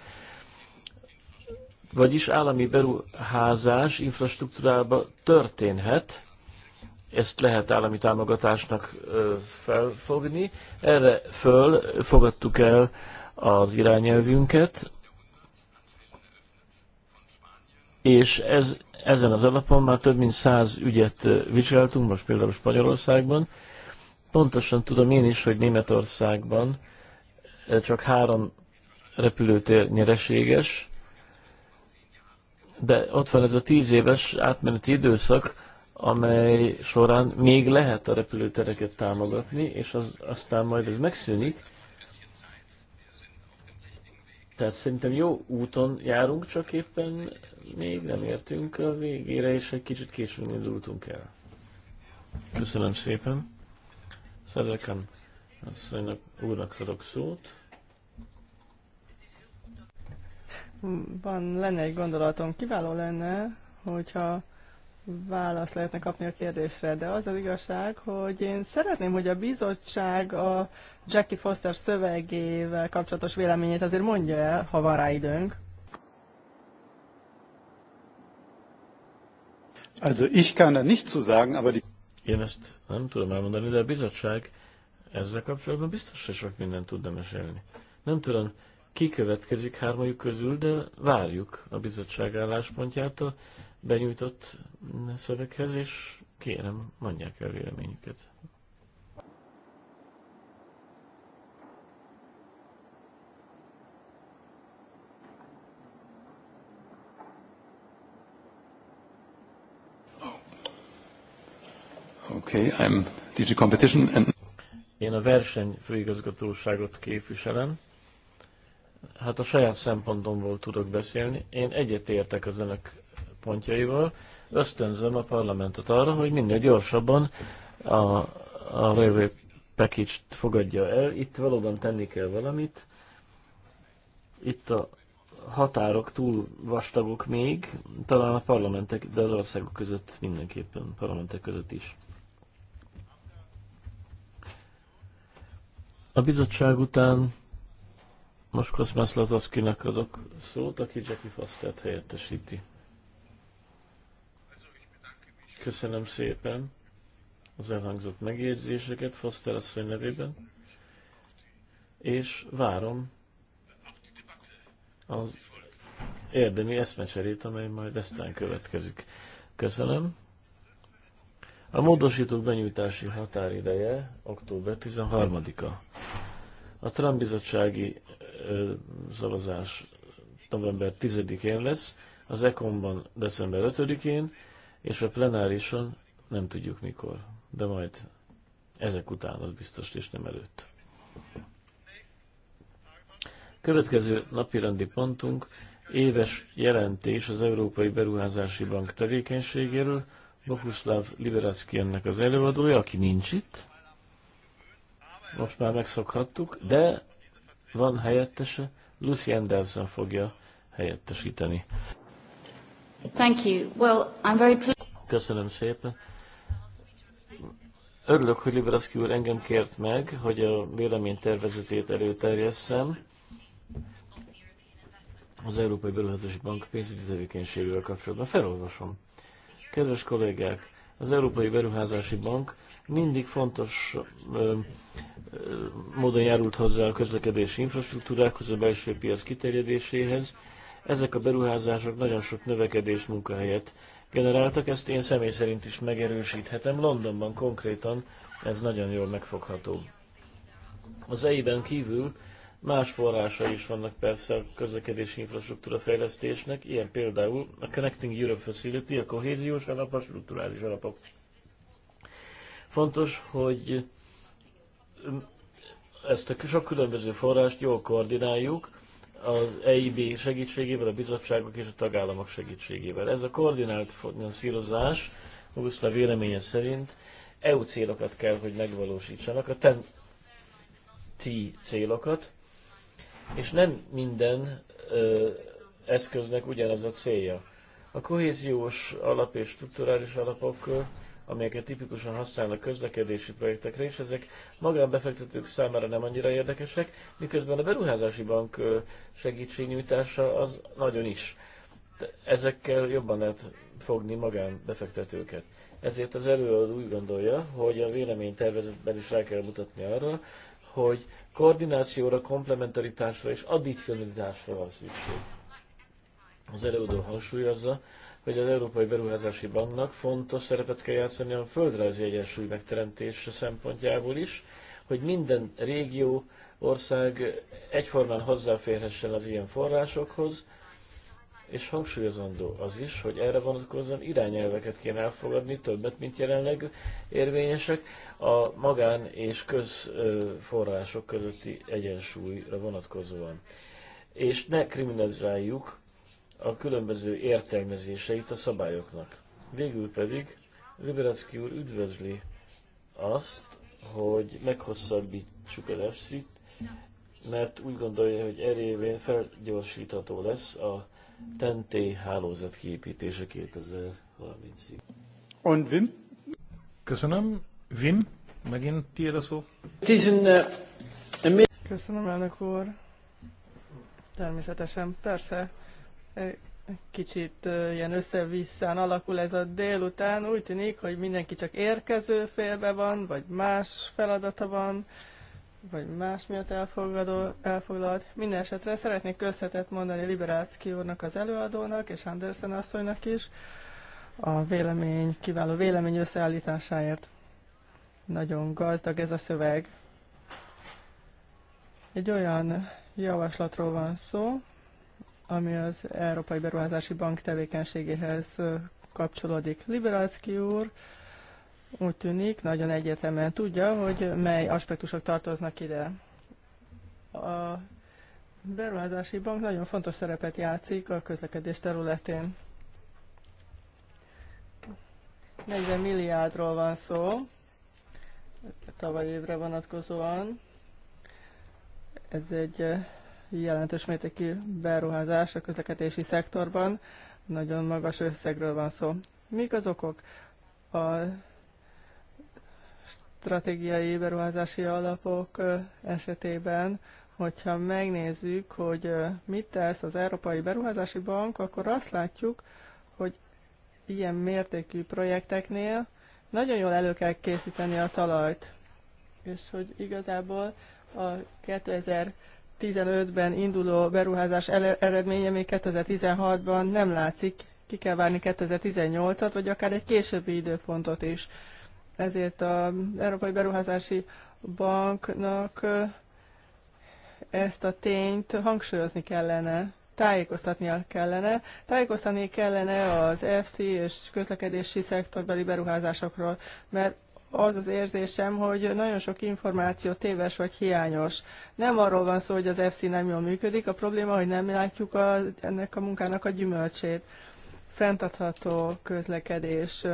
Vagyis állami beruházás infrastruktúrába történhet, ezt lehet állami támogatásnak felfogni. Erre föl fogadtuk el az irányelvünket, és ez, ezen az alapon már több mint száz ügyet vizsgáltunk, most például Spanyolországban, Pontosan tudom én is, hogy Németországban eh, csak három repülőtér nyereséges, de ott van ez a tíz éves átmeneti időszak, amely során még lehet a repülőtereket támogatni, és az, aztán majd ez megszűnik. Tehát szerintem jó úton járunk, csak éppen még nem értünk a végére, és egy kicsit későn indultunk el. Köszönöm szépen! Szedekem asszonynak úrnak adok szót. Van, lenne egy gondolatom, kiváló lenne, hogyha választ lehetne kapni a kérdésre, de az az igazság, hogy én szeretném, hogy a bizottság a Jackie Foster szövegével kapcsolatos véleményét azért mondja el, ha van rá időnk. Also ich kann da nicht zu sagen, aber die én ezt nem tudom elmondani, de a bizottság ezzel kapcsolatban biztos, hogy sok mindent tudna mesélni. Nem tudom, ki következik hármajuk közül, de várjuk a bizottság álláspontját a benyújtott szöveghez, és kérem, mondják el véleményüket. Okay, I'm DG Competition and... Én a verseny főigazgatóságot képviselem. Hát a saját szempontomból tudok beszélni. Én egyetértek az önök pontjaival. Ösztönzöm a parlamentet arra, hogy minél gyorsabban a, a Railway Package-t fogadja el. Itt valóban tenni kell valamit. Itt a határok túl vastagok még, talán a parlamentek, de az országok között mindenképpen, parlamentek között is. A bizottság után most Kosmász Lazovszkinak adok szót, aki Jackie Fostert helyettesíti. Köszönöm szépen az elhangzott megjegyzéseket Foster asszony nevében, és várom az érdemi eszmecserét, amely majd eztán következik. Köszönöm. A módosított benyújtási határideje október 13-a. A Trump bizottsági ö, szavazás november 10-én lesz, az ECOM-ban december 5-én, és a plenárison nem tudjuk mikor, de majd ezek után az biztos, és nem előtt. Következő napirendi pontunk éves jelentés az Európai Beruházási Bank tevékenységéről, Bokuslav Liberacki ennek az előadója, aki nincs itt. Most már megszokhattuk, de van helyettese, Lucy Anderson fogja helyettesíteni. Thank you. Well, I'm very pleased. Köszönöm szépen. Örülök, hogy Liberacki úr engem kért meg, hogy a véleménytervezetét előterjesszem az Európai Beruházási Bank pénzügyi tevékenységével kapcsolatban. Felolvasom. Kedves kollégák, az Európai Beruházási Bank mindig fontos ö, ö, módon járult hozzá a közlekedési infrastruktúrákhoz, a belső piac kiterjedéséhez. Ezek a beruházások nagyon sok növekedés munkahelyet generáltak, ezt én személy szerint is megerősíthetem. Londonban konkrétan ez nagyon jól megfogható. Az EI-ben kívül Más forrásai is vannak persze a közlekedési infrastruktúra fejlesztésnek, ilyen például a Connecting Europe Facility, a kohéziós alap, a strukturális alapok. Fontos, hogy mm, ezt a sok különböző forrást jól koordináljuk, az EIB segítségével, a bizottságok és a tagállamok segítségével. Ez a koordinált finanszírozás, Augusta véleménye szerint EU célokat kell, hogy megvalósítsanak, a TEN-T e célokat, és nem minden ö, eszköznek ugyanaz a célja. A kohéziós alap és strukturális alapok, amelyeket tipikusan használnak közlekedési projektekre, és ezek magánbefektetők számára nem annyira érdekesek, miközben a beruházási bank segítségnyújtása az nagyon is. De ezekkel jobban lehet fogni magánbefektetőket. Ezért az előadó úgy gondolja, hogy a véleménytervezetben is rá kell mutatni arra, hogy Koordinációra, komplementaritásra és addicionalitásra van szükség. Az előadó hangsúlyozza, hogy az Európai Beruházási Banknak fontos szerepet kell játszani a földrajzi egyensúly megteremtése szempontjából is, hogy minden régió, ország egyformán hozzáférhessen az ilyen forrásokhoz, és hangsúlyozandó az is, hogy erre vonatkozóan irányelveket kéne elfogadni, többet, mint jelenleg érvényesek, a magán és közforrások közötti egyensúlyra vonatkozóan. És ne kriminalizáljuk a különböző értelmezéseit a szabályoknak. Végül pedig Liberecki úr üdvözli azt, hogy meghosszabbítsuk a lefszit, mert úgy gondolja, hogy erévén felgyorsítható lesz a TENTÉ hálózat kiépítése 2030-ig. Köszönöm. Vim, megint tiéd a szó. Uh, Köszönöm, elnök úr. Természetesen, persze. Kicsit ilyen össze-visszán alakul ez a délután. Úgy tűnik, hogy mindenki csak érkező félbe van, vagy más feladata van, vagy más miatt elfogadó, elfoglalt. Minden esetre szeretnék köszönetet mondani Liberácki úrnak, az előadónak, és Andersen asszonynak is a vélemény, kiváló vélemény összeállításáért. Nagyon gazdag ez a szöveg. Egy olyan javaslatról van szó, ami az Európai Beruházási Bank tevékenységéhez kapcsolódik. Liberalski úr úgy tűnik, nagyon egyértelműen tudja, hogy mely aspektusok tartoznak ide. A beruházási bank nagyon fontos szerepet játszik a közlekedés területén. 40 milliárdról van szó, tavaly évre vonatkozóan. Ez egy eh, jelentős mértékű beruházás a közlekedési szektorban. Nagyon magas összegről van szó. Mik az okok? A stratégiai beruházási alapok eh, esetében, hogyha megnézzük, hogy eh, mit tesz az Európai Beruházási Bank, akkor azt látjuk, hogy ilyen mértékű projekteknél nagyon jól elő kell készíteni a talajt, és hogy igazából a 2015-ben induló beruházás eredménye még 2016-ban nem látszik, ki kell várni 2018-at, vagy akár egy későbbi időpontot is. Ezért az Európai Beruházási Banknak ezt a tényt hangsúlyozni kellene, tájékoztatnia kellene. Tájékoztatni kellene az FC és közlekedési szektorbeli beruházásokról, mert az az érzésem, hogy nagyon sok információ téves vagy hiányos. Nem arról van szó, hogy az FC nem jól működik, a probléma, hogy nem látjuk a, ennek a munkának a gyümölcsét. Fentartható közlekedés,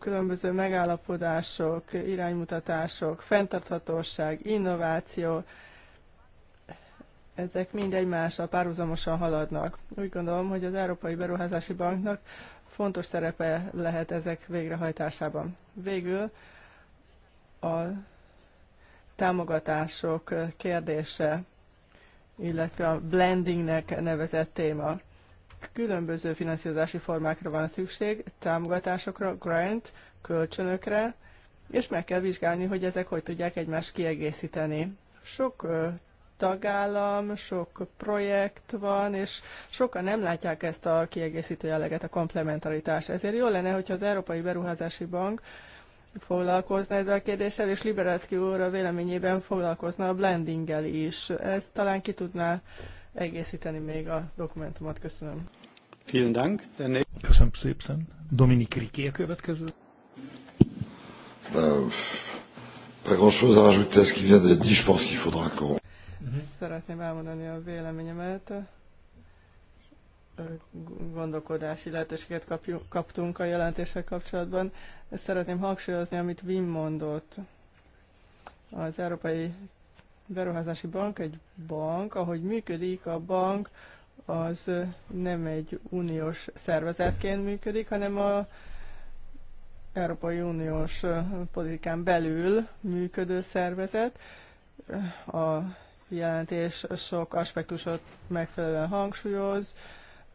különböző megállapodások, iránymutatások, fenntarthatóság, innováció, ezek mind egymással párhuzamosan haladnak. Úgy gondolom, hogy az Európai Beruházási Banknak fontos szerepe lehet ezek végrehajtásában. Végül a támogatások kérdése, illetve a blendingnek nevezett téma. Különböző finanszírozási formákra van szükség, támogatásokra, grant, kölcsönökre, és meg kell vizsgálni, hogy ezek hogy tudják egymást kiegészíteni. Sok tagállam, sok projekt van, és sokan nem látják ezt a kiegészítő jelleget, a komplementaritást. Ezért jó lenne, hogyha az Európai Beruházási Bank foglalkozna ezzel a kérdéssel, és Liberácki úr a véleményében foglalkozna a blendinggel is. Ez talán ki tudná egészíteni még a dokumentumot. Köszönöm. Vielen Dank. Köszönöm szépen. Dominik Riké a következő. Pas grand chose à rajouter à ce qui vient d'être dit, je pense qu'il faudra qu'on uh-huh. szeretném elmondani a véleményemet. Gondolkodási lehetőséget kapjuk, kaptunk a jelentéssel kapcsolatban. Szeretném hangsúlyozni, amit Wim mondott. Az Európai Beruházási Bank egy bank, ahogy működik a bank, az nem egy uniós szervezetként működik, hanem a Európai Uniós politikán belül működő szervezet. A jelentés sok aspektusot megfelelően hangsúlyoz,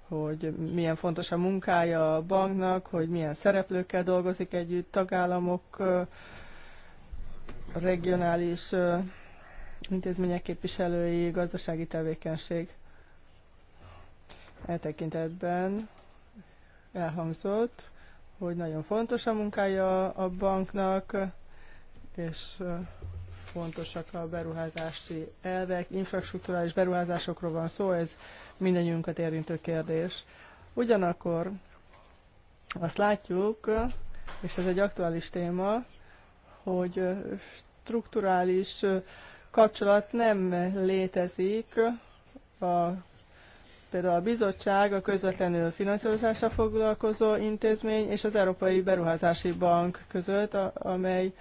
hogy milyen fontos a munkája a banknak, hogy milyen szereplőkkel dolgozik együtt, tagállamok, regionális intézmények képviselői, gazdasági tevékenység. E tekintetben elhangzott, hogy nagyon fontos a munkája a banknak, és fontosak a beruházási elvek, infrastruktúrális beruházásokról van szó, ez mindannyiunkat érintő kérdés. Ugyanakkor azt látjuk, és ez egy aktuális téma, hogy strukturális kapcsolat nem létezik a például a bizottság, a közvetlenül finanszírozásra foglalkozó intézmény és az Európai Beruházási Bank között, amely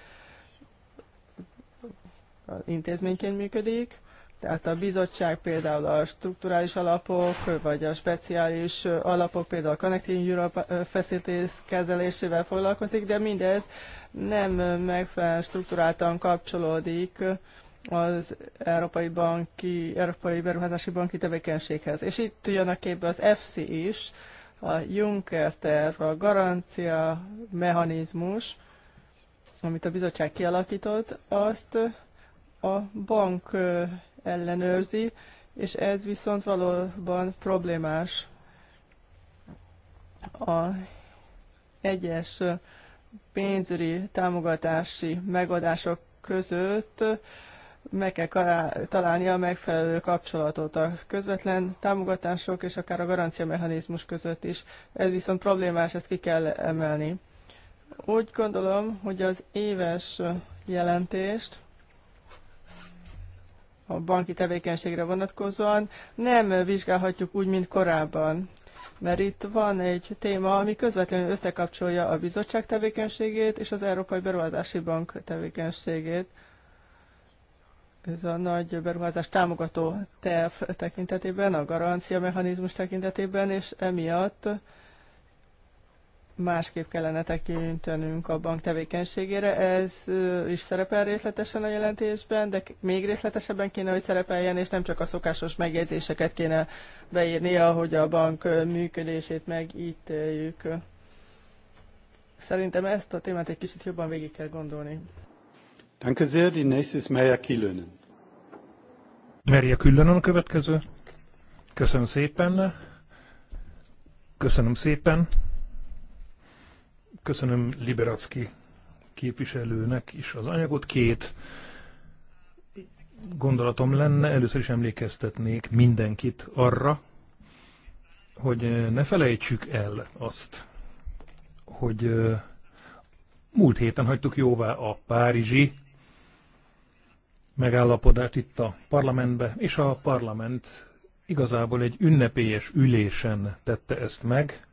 intézményként működik, tehát a bizottság például a strukturális alapok, vagy a speciális alapok, például a Connecting Europe Facilities kezelésével foglalkozik, de mindez nem megfelelően struktúráltan kapcsolódik az Európai, Banki, Európai Beruházási Banki tevékenységhez. És itt jön a képbe az FC is, a Juncker terv, a garancia mechanizmus, amit a bizottság kialakított, azt a bank ellenőrzi, és ez viszont valóban problémás. A egyes pénzügyi támogatási megadások között meg kell találni a megfelelő kapcsolatot a közvetlen támogatások és akár a garancia mechanizmus között is. Ez viszont problémás, ezt ki kell emelni. Úgy gondolom, hogy az éves jelentést a banki tevékenységre vonatkozóan nem vizsgálhatjuk úgy, mint korábban. Mert itt van egy téma, ami közvetlenül összekapcsolja a bizottság tevékenységét és az Európai Beruházási Bank tevékenységét. Ez a nagy beruházás támogató terv tekintetében, a garancia mechanizmus tekintetében, és emiatt másképp kellene tekintenünk a bank tevékenységére. Ez is szerepel részletesen a jelentésben, de még részletesebben kéne, hogy szerepeljen, és nem csak a szokásos megjegyzéseket kéne beírni, hogy a bank működését megítéljük. Szerintem ezt a témát egy kicsit jobban végig kell gondolni. Danke sehr, die nächste ist Merja a következő. Köszönöm szépen. Köszönöm szépen. Köszönöm Liberacki képviselőnek is az anyagot. Két gondolatom lenne, először is emlékeztetnék mindenkit arra, hogy eh, ne felejtsük el azt, hogy eh, múlt héten hagytuk jóvá a párizsi megállapodást itt a parlamentbe, és a parlament igazából egy ünnepélyes ülésen tette ezt meg,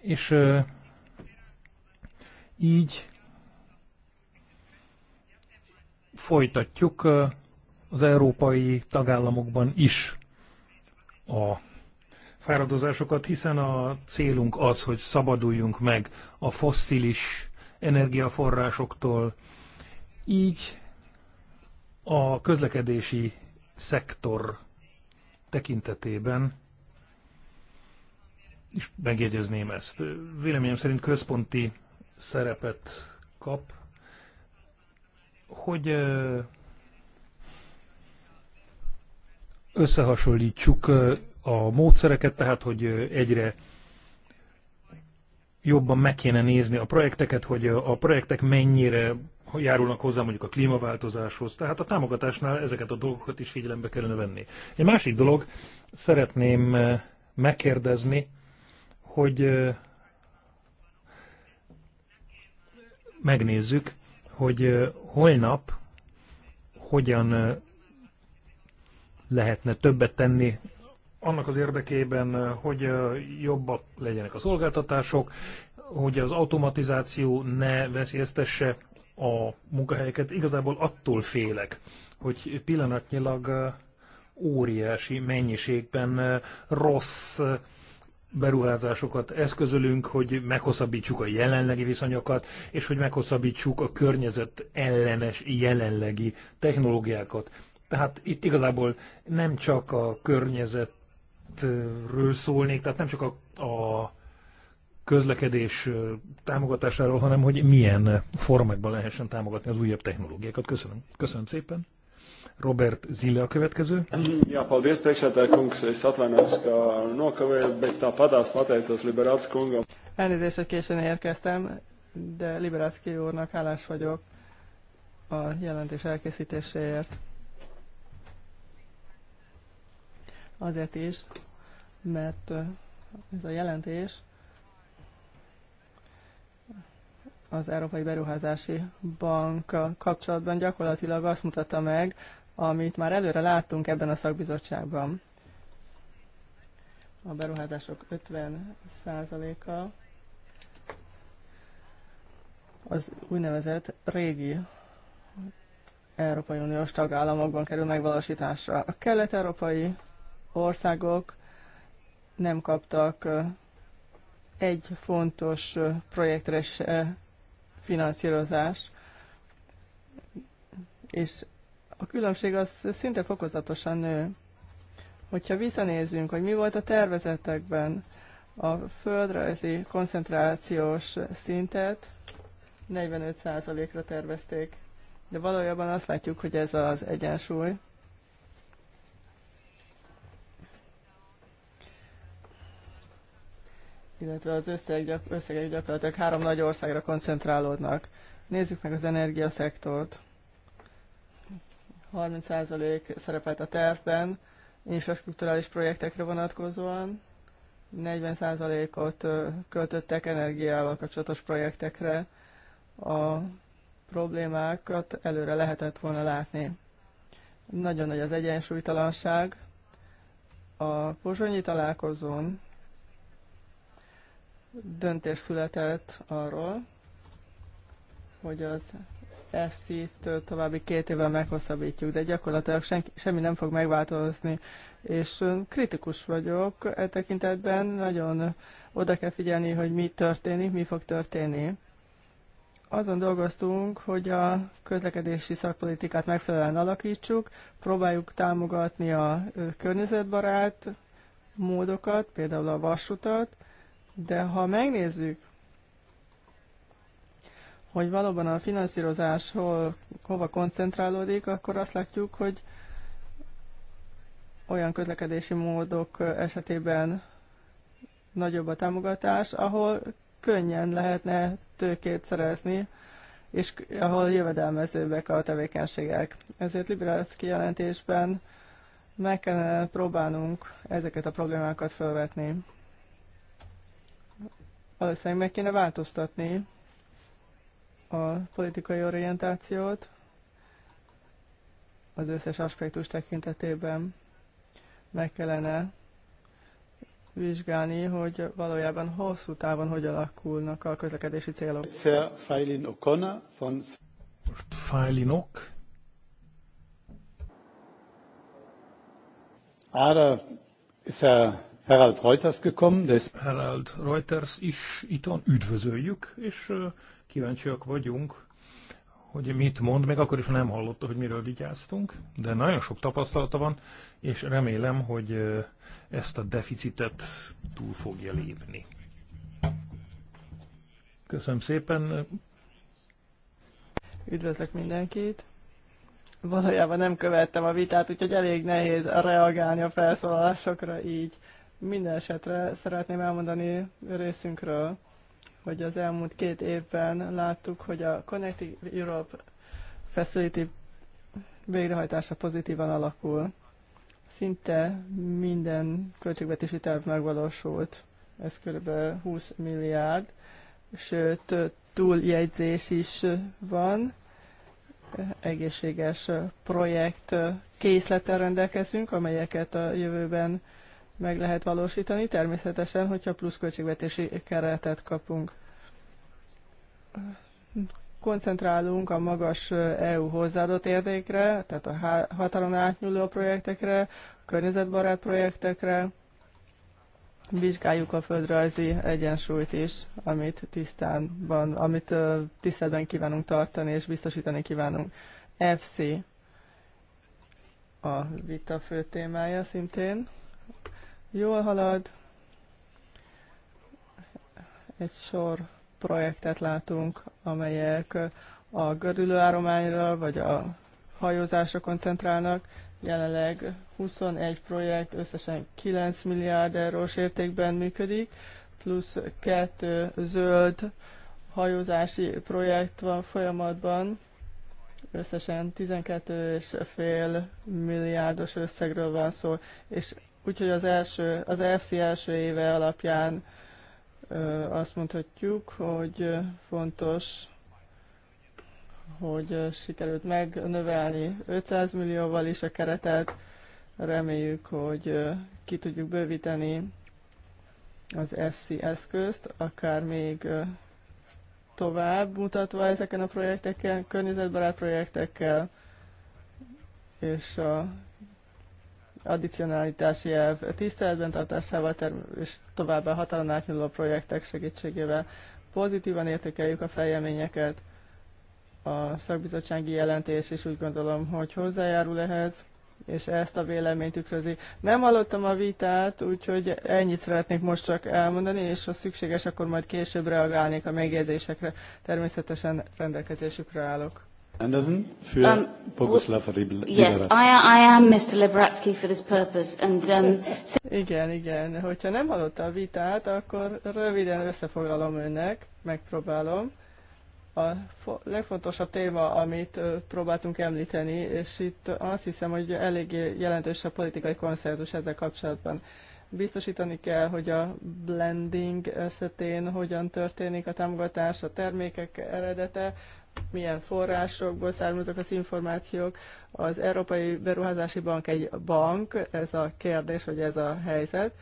és eh, így folytatjuk az európai tagállamokban is a fáradozásokat, hiszen a célunk az, hogy szabaduljunk meg a fosszilis energiaforrásoktól, így a közlekedési szektor tekintetében és megjegyezném ezt. Véleményem szerint központi szerepet kap, hogy összehasonlítsuk a módszereket, tehát hogy egyre jobban meg kéne nézni a projekteket, hogy a projektek mennyire járulnak hozzá mondjuk a klímaváltozáshoz. Tehát a támogatásnál ezeket a dolgokat is figyelembe kellene venni. Egy másik dolog, szeretném megkérdezni, hogy megnézzük, hogy holnap hogyan lehetne többet tenni annak az érdekében, hogy jobbak legyenek a szolgáltatások, hogy az automatizáció ne veszélyeztesse a munkahelyeket. Igazából attól félek, hogy pillanatnyilag óriási mennyiségben rossz beruházásokat eszközölünk, hogy meghosszabbítsuk a jelenlegi viszonyokat, és hogy meghosszabbítsuk a környezet ellenes jelenlegi technológiákat. Tehát itt igazából nem csak a környezetről szólnék, tehát nem csak a, a közlekedés támogatásáról, hanem hogy milyen formákban lehessen támogatni az újabb technológiákat. Köszönöm. Köszönöm szépen. Robert Zille a következő. Ja, paldies, priekšētāja kungs. Es atvainojos, ka nokavēju, bet tāpatās pateicos Liberāts kungam. Elnézést, hogy későn érkeztem, de Liberácki úrnak hálás vagyok a jelentés elkészítéséért. Azért is, mert ez a jelentés az Európai Beruházási Bank kapcsolatban gyakorlatilag azt mutatta meg, amit már előre láttunk ebben a szakbizottságban. A beruházások 50%-a az úgynevezett régi Európai Uniós tagállamokban kerül megvalósításra. A kelet-európai országok nem kaptak egy fontos projektre se finanszírozást, és a különbség az szinte fokozatosan nő. Hogyha visszanézünk, hogy mi volt a tervezetekben, a földrajzi koncentrációs szintet 45%-ra tervezték, de valójában azt látjuk, hogy ez az egyensúly. illetve az összeg, gyak, összegek gyakorlatilag három nagy országra koncentrálódnak. Nézzük meg az energiaszektort. 30% szerepelt a tervben, infrastruktúrális projektekre vonatkozóan, 40%-ot költöttek energiával kapcsolatos projektekre. A problémákat előre lehetett volna látni. Nagyon nagy az egyensúlytalanság. A pozsonyi találkozón döntés született arról, hogy az FC-t további két évvel meghosszabbítjuk, de gyakorlatilag senki, semmi nem fog megváltozni. És kritikus vagyok e tekintetben, nagyon oda kell figyelni, hogy mi történik, mi fog történni. Azon dolgoztunk, hogy a közlekedési szakpolitikát megfelelően alakítsuk, próbáljuk támogatni a környezetbarát módokat, például a vasutat, de ha megnézzük, hogy valóban a finanszírozás hol, hova koncentrálódik, akkor azt látjuk, hogy olyan közlekedési módok esetében nagyobb a támogatás, ahol könnyen lehetne tőkét szerezni, és ahol jövedelmezőbbek a tevékenységek. Ezért liberális kijelentésben meg kellene próbálnunk ezeket a problémákat felvetni. Valószínűleg meg kéne változtatni a politikai orientációt az összes aspektus tekintetében meg kellene vizsgálni, hogy valójában hosszú távon hogy alakulnak a közlekedési célok. Most Fájlinok. Ára ist Herr Harald Reuters gekommen. de Harald Reuters is itt van, üdvözöljük, és kíváncsiak vagyunk, hogy mit mond, még akkor is nem hallotta, hogy miről vigyáztunk, de nagyon sok tapasztalata van, és remélem, hogy ezt a deficitet túl fogja lépni. Köszönöm szépen. Üdvözlök mindenkit. Valójában nem követtem a vitát, úgyhogy elég nehéz reagálni a felszólalásokra így. Minden esetre szeretném elmondani részünkről, hogy az elmúlt két évben láttuk, hogy a Connective Europe Facility végrehajtása pozitívan alakul. Szinte minden költségvetési terv megvalósult, ez kb. 20 milliárd, sőt túljegyzés is van, egészséges projekt készlettel rendelkezünk, amelyeket a jövőben meg lehet valósítani, természetesen, hogyha plusz költségvetési keretet kapunk. Koncentrálunk a magas EU hozzáadott értékre, tehát a határon átnyúló projektekre, környezetbarát projektekre, vizsgáljuk a földrajzi egyensúlyt is, amit tisztánban, amit tisztában kívánunk tartani és biztosítani kívánunk. FC a vita fő témája szintén jól halad. Egy sor projektet látunk, amelyek a görülő állományra vagy a hajózásra koncentrálnak. Jelenleg 21 projekt összesen 9 milliárd eurós értékben működik, plusz kettő zöld hajózási projekt van folyamatban. Összesen 12,5 milliárdos összegről van szó, és Úgyhogy az első, az EFC első éve alapján azt mondhatjuk, hogy fontos, hogy sikerült megnövelni 500 millióval is a keretet. Reméljük, hogy ki tudjuk bővíteni az FC eszközt, akár még tovább mutatva ezeken a projekteken, környezetbarát projektekkel, és a addicionalitási elv tiszteletben tartásával és továbbá határon átnyúló projektek segítségével pozitívan értékeljük a fejleményeket. A szakbizottsági jelentés is úgy gondolom, hogy hozzájárul ehhez, és ezt a véleményt tükrözi. Nem hallottam a vitát, úgyhogy ennyit szeretnék most csak elmondani, és ha szükséges, akkor majd később reagálnék a megjegyzésekre. Természetesen rendelkezésükre állok. Anderson für um, Boguslav Yes, I, I am Mr. Liberatsky for this purpose. And, um, igen, igen. Hogyha nem hallotta a vitát, akkor röviden összefoglalom önnek, megpróbálom. A legfontosabb téma, amit próbáltunk említeni, és itt azt hiszem, hogy eléggé jelentős a politikai konszenzus ezzel kapcsolatban. Biztosítani kell, hogy a blending esetén hogyan történik a támogatás, a termékek eredete, milyen forrásokból származnak az információk. Az Európai Beruházási Bank egy bank, ez a kérdés, hogy ez a helyzet,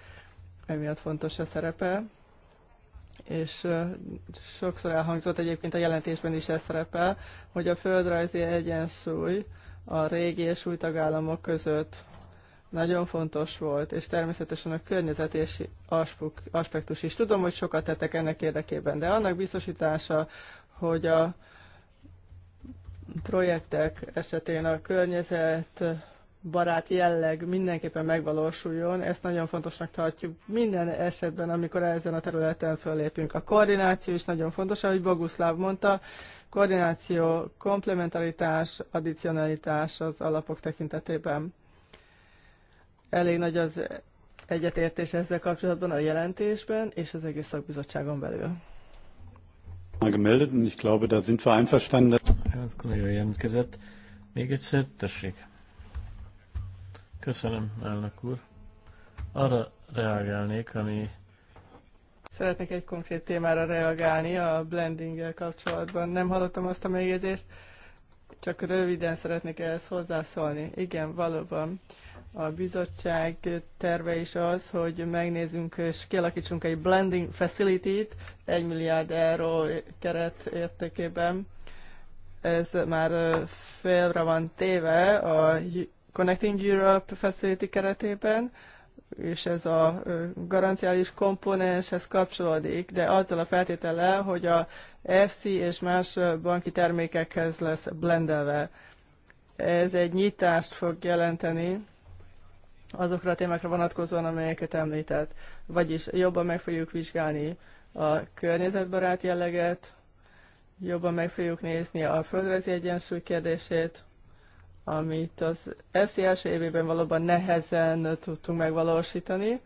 emiatt fontos a szerepe. És sokszor elhangzott egyébként a jelentésben is ez szerepel, hogy a földrajzi egyensúly a régi és új tagállamok között nagyon fontos volt, és természetesen a környezetési aspektus is. Tudom, hogy sokat tettek ennek érdekében, de annak biztosítása, hogy a projektek esetén a környezet barát jelleg mindenképpen megvalósuljon, ezt nagyon fontosnak tartjuk minden esetben, amikor ezen a területen fölépünk. A koordináció is nagyon fontos, ahogy Boguszláv mondta, koordináció, komplementaritás, addicionalitás az alapok tekintetében. Elég nagy az egyetértés ezzel kapcsolatban a jelentésben és az egész szakbizottságon belül. Megmeldet, und ich glaube, da sind wir einverstanden. Hát, kolléga jelentkezett. Még egyszer, tessék. Köszönöm, elnök úr. Arra reagálnék, ami... Szeretnék egy konkrét témára reagálni a blendinggel kapcsolatban. Nem hallottam azt a megjegyzést, csak röviden szeretnék ehhez hozzászólni. Igen, valóban a bizottság terve is az, hogy megnézzünk és kialakítsunk egy blending facility-t 1 milliárd euró keret értékében. Ez már félre van téve a Connecting Europe Facility keretében, és ez a garanciális komponenshez kapcsolódik, de azzal a feltétele, hogy a FC és más banki termékekhez lesz blendelve. Ez egy nyitást fog jelenteni azokra a témákra vonatkozóan, amelyeket említett. Vagyis jobban meg fogjuk vizsgálni a környezetbarát jelleget, jobban meg fogjuk nézni a földrajzi egyensúly kérdését, amit az FC első évében valóban nehezen tudtunk megvalósítani.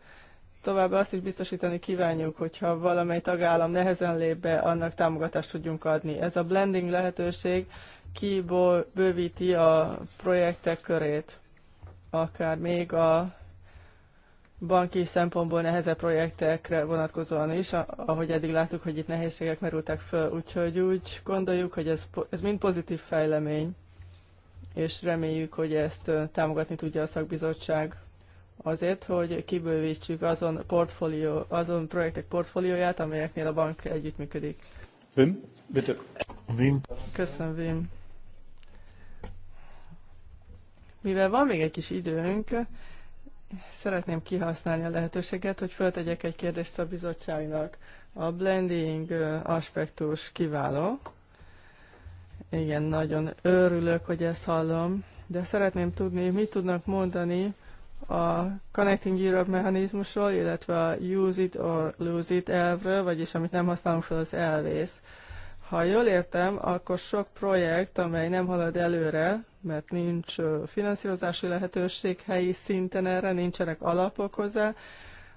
Továbbá azt is biztosítani kívánjuk, hogyha valamely tagállam nehezen lép be, annak támogatást tudjunk adni. Ez a blending lehetőség kibővíti a projektek körét akár még a banki szempontból nehezebb projektekre vonatkozóan is, ahogy eddig láttuk, hogy itt nehézségek merültek föl, úgyhogy úgy gondoljuk, hogy ez, ez mind pozitív fejlemény, és reméljük, hogy ezt támogatni tudja a szakbizottság azért, hogy kibővítsük azon, portfólió, azon projektek portfólióját, amelyeknél a bank együttműködik. Vim, bitte. Vim. Köszönöm, Vim. Mivel van még egy kis időnk, szeretném kihasználni a lehetőséget, hogy föltegyek egy kérdést a bizottságnak. A blending aspektus kiváló. Igen, nagyon örülök, hogy ezt hallom, de szeretném tudni, mit tudnak mondani a Connecting Europe mechanizmusról, illetve a Use it or lose it elvről, vagyis amit nem használunk fel, az elvész. Ha jól értem, akkor sok projekt, amely nem halad előre, mert nincs finanszírozási lehetőség helyi szinten erre, nincsenek alapok hozzá.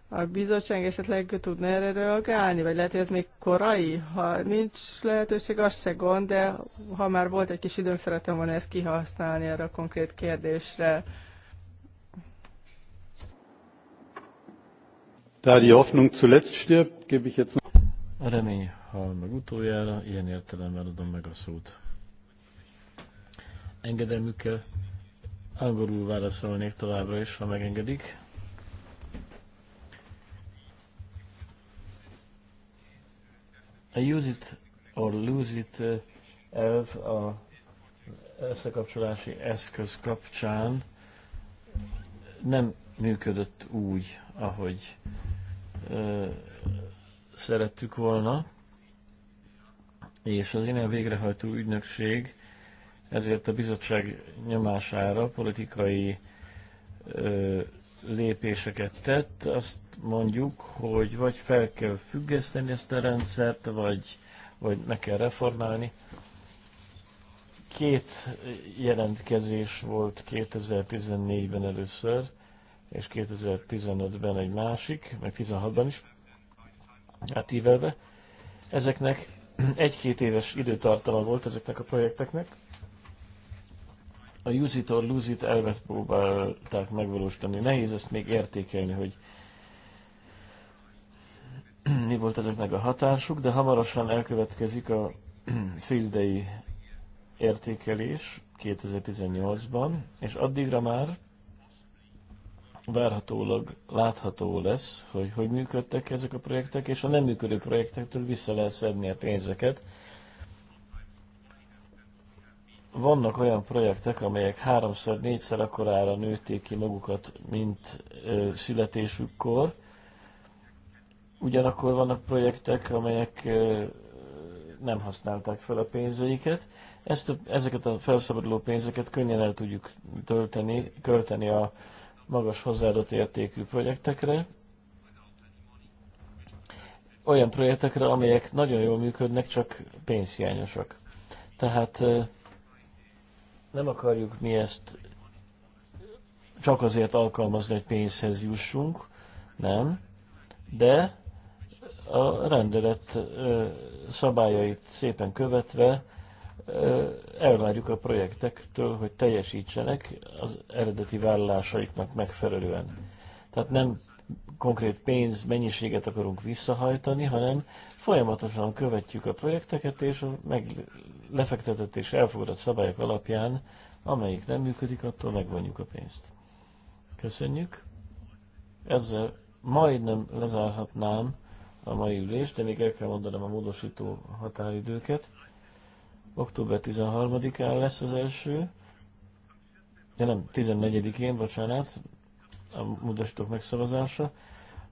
A bizottság esetleg tudna erre reagálni, vagy lehet, hogy ez még korai? Ha nincs lehetőség, az se gond, de ha már volt egy kis időm, szeretem volna ezt kihasználni erre a konkrét kérdésre. Da die Hoffnung zuletzt stirbt, gebe ich jetzt noch. remény ha meg utoljára, ilyen értelemben adom meg a szót engedelmükkel angolul válaszolnék továbbra is, ha megengedik. A use it or lose it eh, elv a összekapcsolási eszköz kapcsán nem működött úgy, ahogy ö, eh, szerettük volna, és az innen végrehajtó ügynökség ezért a bizottság nyomására politikai ö, lépéseket tett. Azt mondjuk, hogy vagy fel kell függeszteni ezt a rendszert, vagy, vagy meg kell reformálni. Két jelentkezés volt 2014-ben először, és 2015-ben egy másik, meg 16-ban is átívelve. Ezeknek egy-két éves időtartama volt ezeknek a projekteknek, a use it or elvet próbálták megvalósítani. Nehéz ezt még értékelni, hogy mi volt ezeknek a hatásuk, de hamarosan elkövetkezik a fildei értékelés 2018-ban, és addigra már várhatólag látható lesz, hogy hogy működtek ezek a projektek, és a nem működő projektektől vissza lehet szedni a pénzeket, vannak olyan projektek, amelyek háromszor, négyszer akkorára nőtték ki magukat, mint ö, születésükkor. Ugyanakkor vannak projektek, amelyek ö, nem használták fel a pénzeiket. Ezt ezeket a felszabaduló pénzeket könnyen el tudjuk tölteni, költeni a magas hozzáadott értékű projektekre, olyan projektekre, amelyek nagyon jól működnek, csak pénzhiányosak. Tehát nem akarjuk mi ezt csak azért alkalmazni, hogy pénzhez jussunk, nem, de a rendelet szabályait szépen követve elvárjuk a projektektől, hogy teljesítsenek az eredeti vállalásaiknak megfelelően. Tehát nem konkrét pénz mennyiséget akarunk visszahajtani, hanem folyamatosan követjük a projekteket, és a meg, lefektetett és elfogadott szabályok alapján, amelyik nem működik, attól megvonjuk a pénzt. Köszönjük. Ezzel majdnem lezárhatnám a mai ülést, de még el kell mondanom a módosító határidőket. Október 13-án lesz az első, de nem, 14-én, bocsánat, a módosítók megszavazása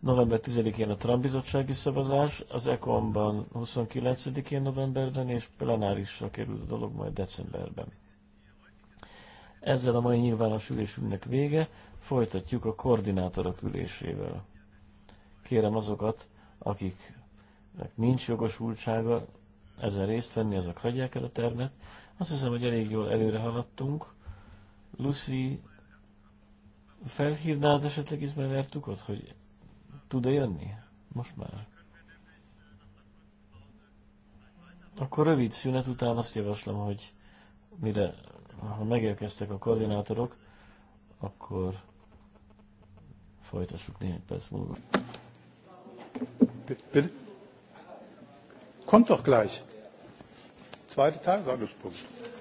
november 10-én a Trump bizottsági szavazás, az ECOM-ban 29-én novemberben, és plenárisra került a dolog majd decemberben. Ezzel a mai nyilvános ülésünknek vége, folytatjuk a koordinátorok ülésével. Kérem azokat, akiknek nincs jogosultsága ezen részt venni, azok hagyják el a termet. Azt hiszem, hogy elég jól előre haladtunk. Lucy, felhívnád esetleg Izmael Ertukot, hogy Tud-e jönni? Most már. Akkor rövid szünet után azt javaslom, hogy mire, ha megérkeztek a koordinátorok, akkor folytassuk néhány perc múlva. Bitte? Kommt doch gleich. Zweite Tagesordnungspunkt.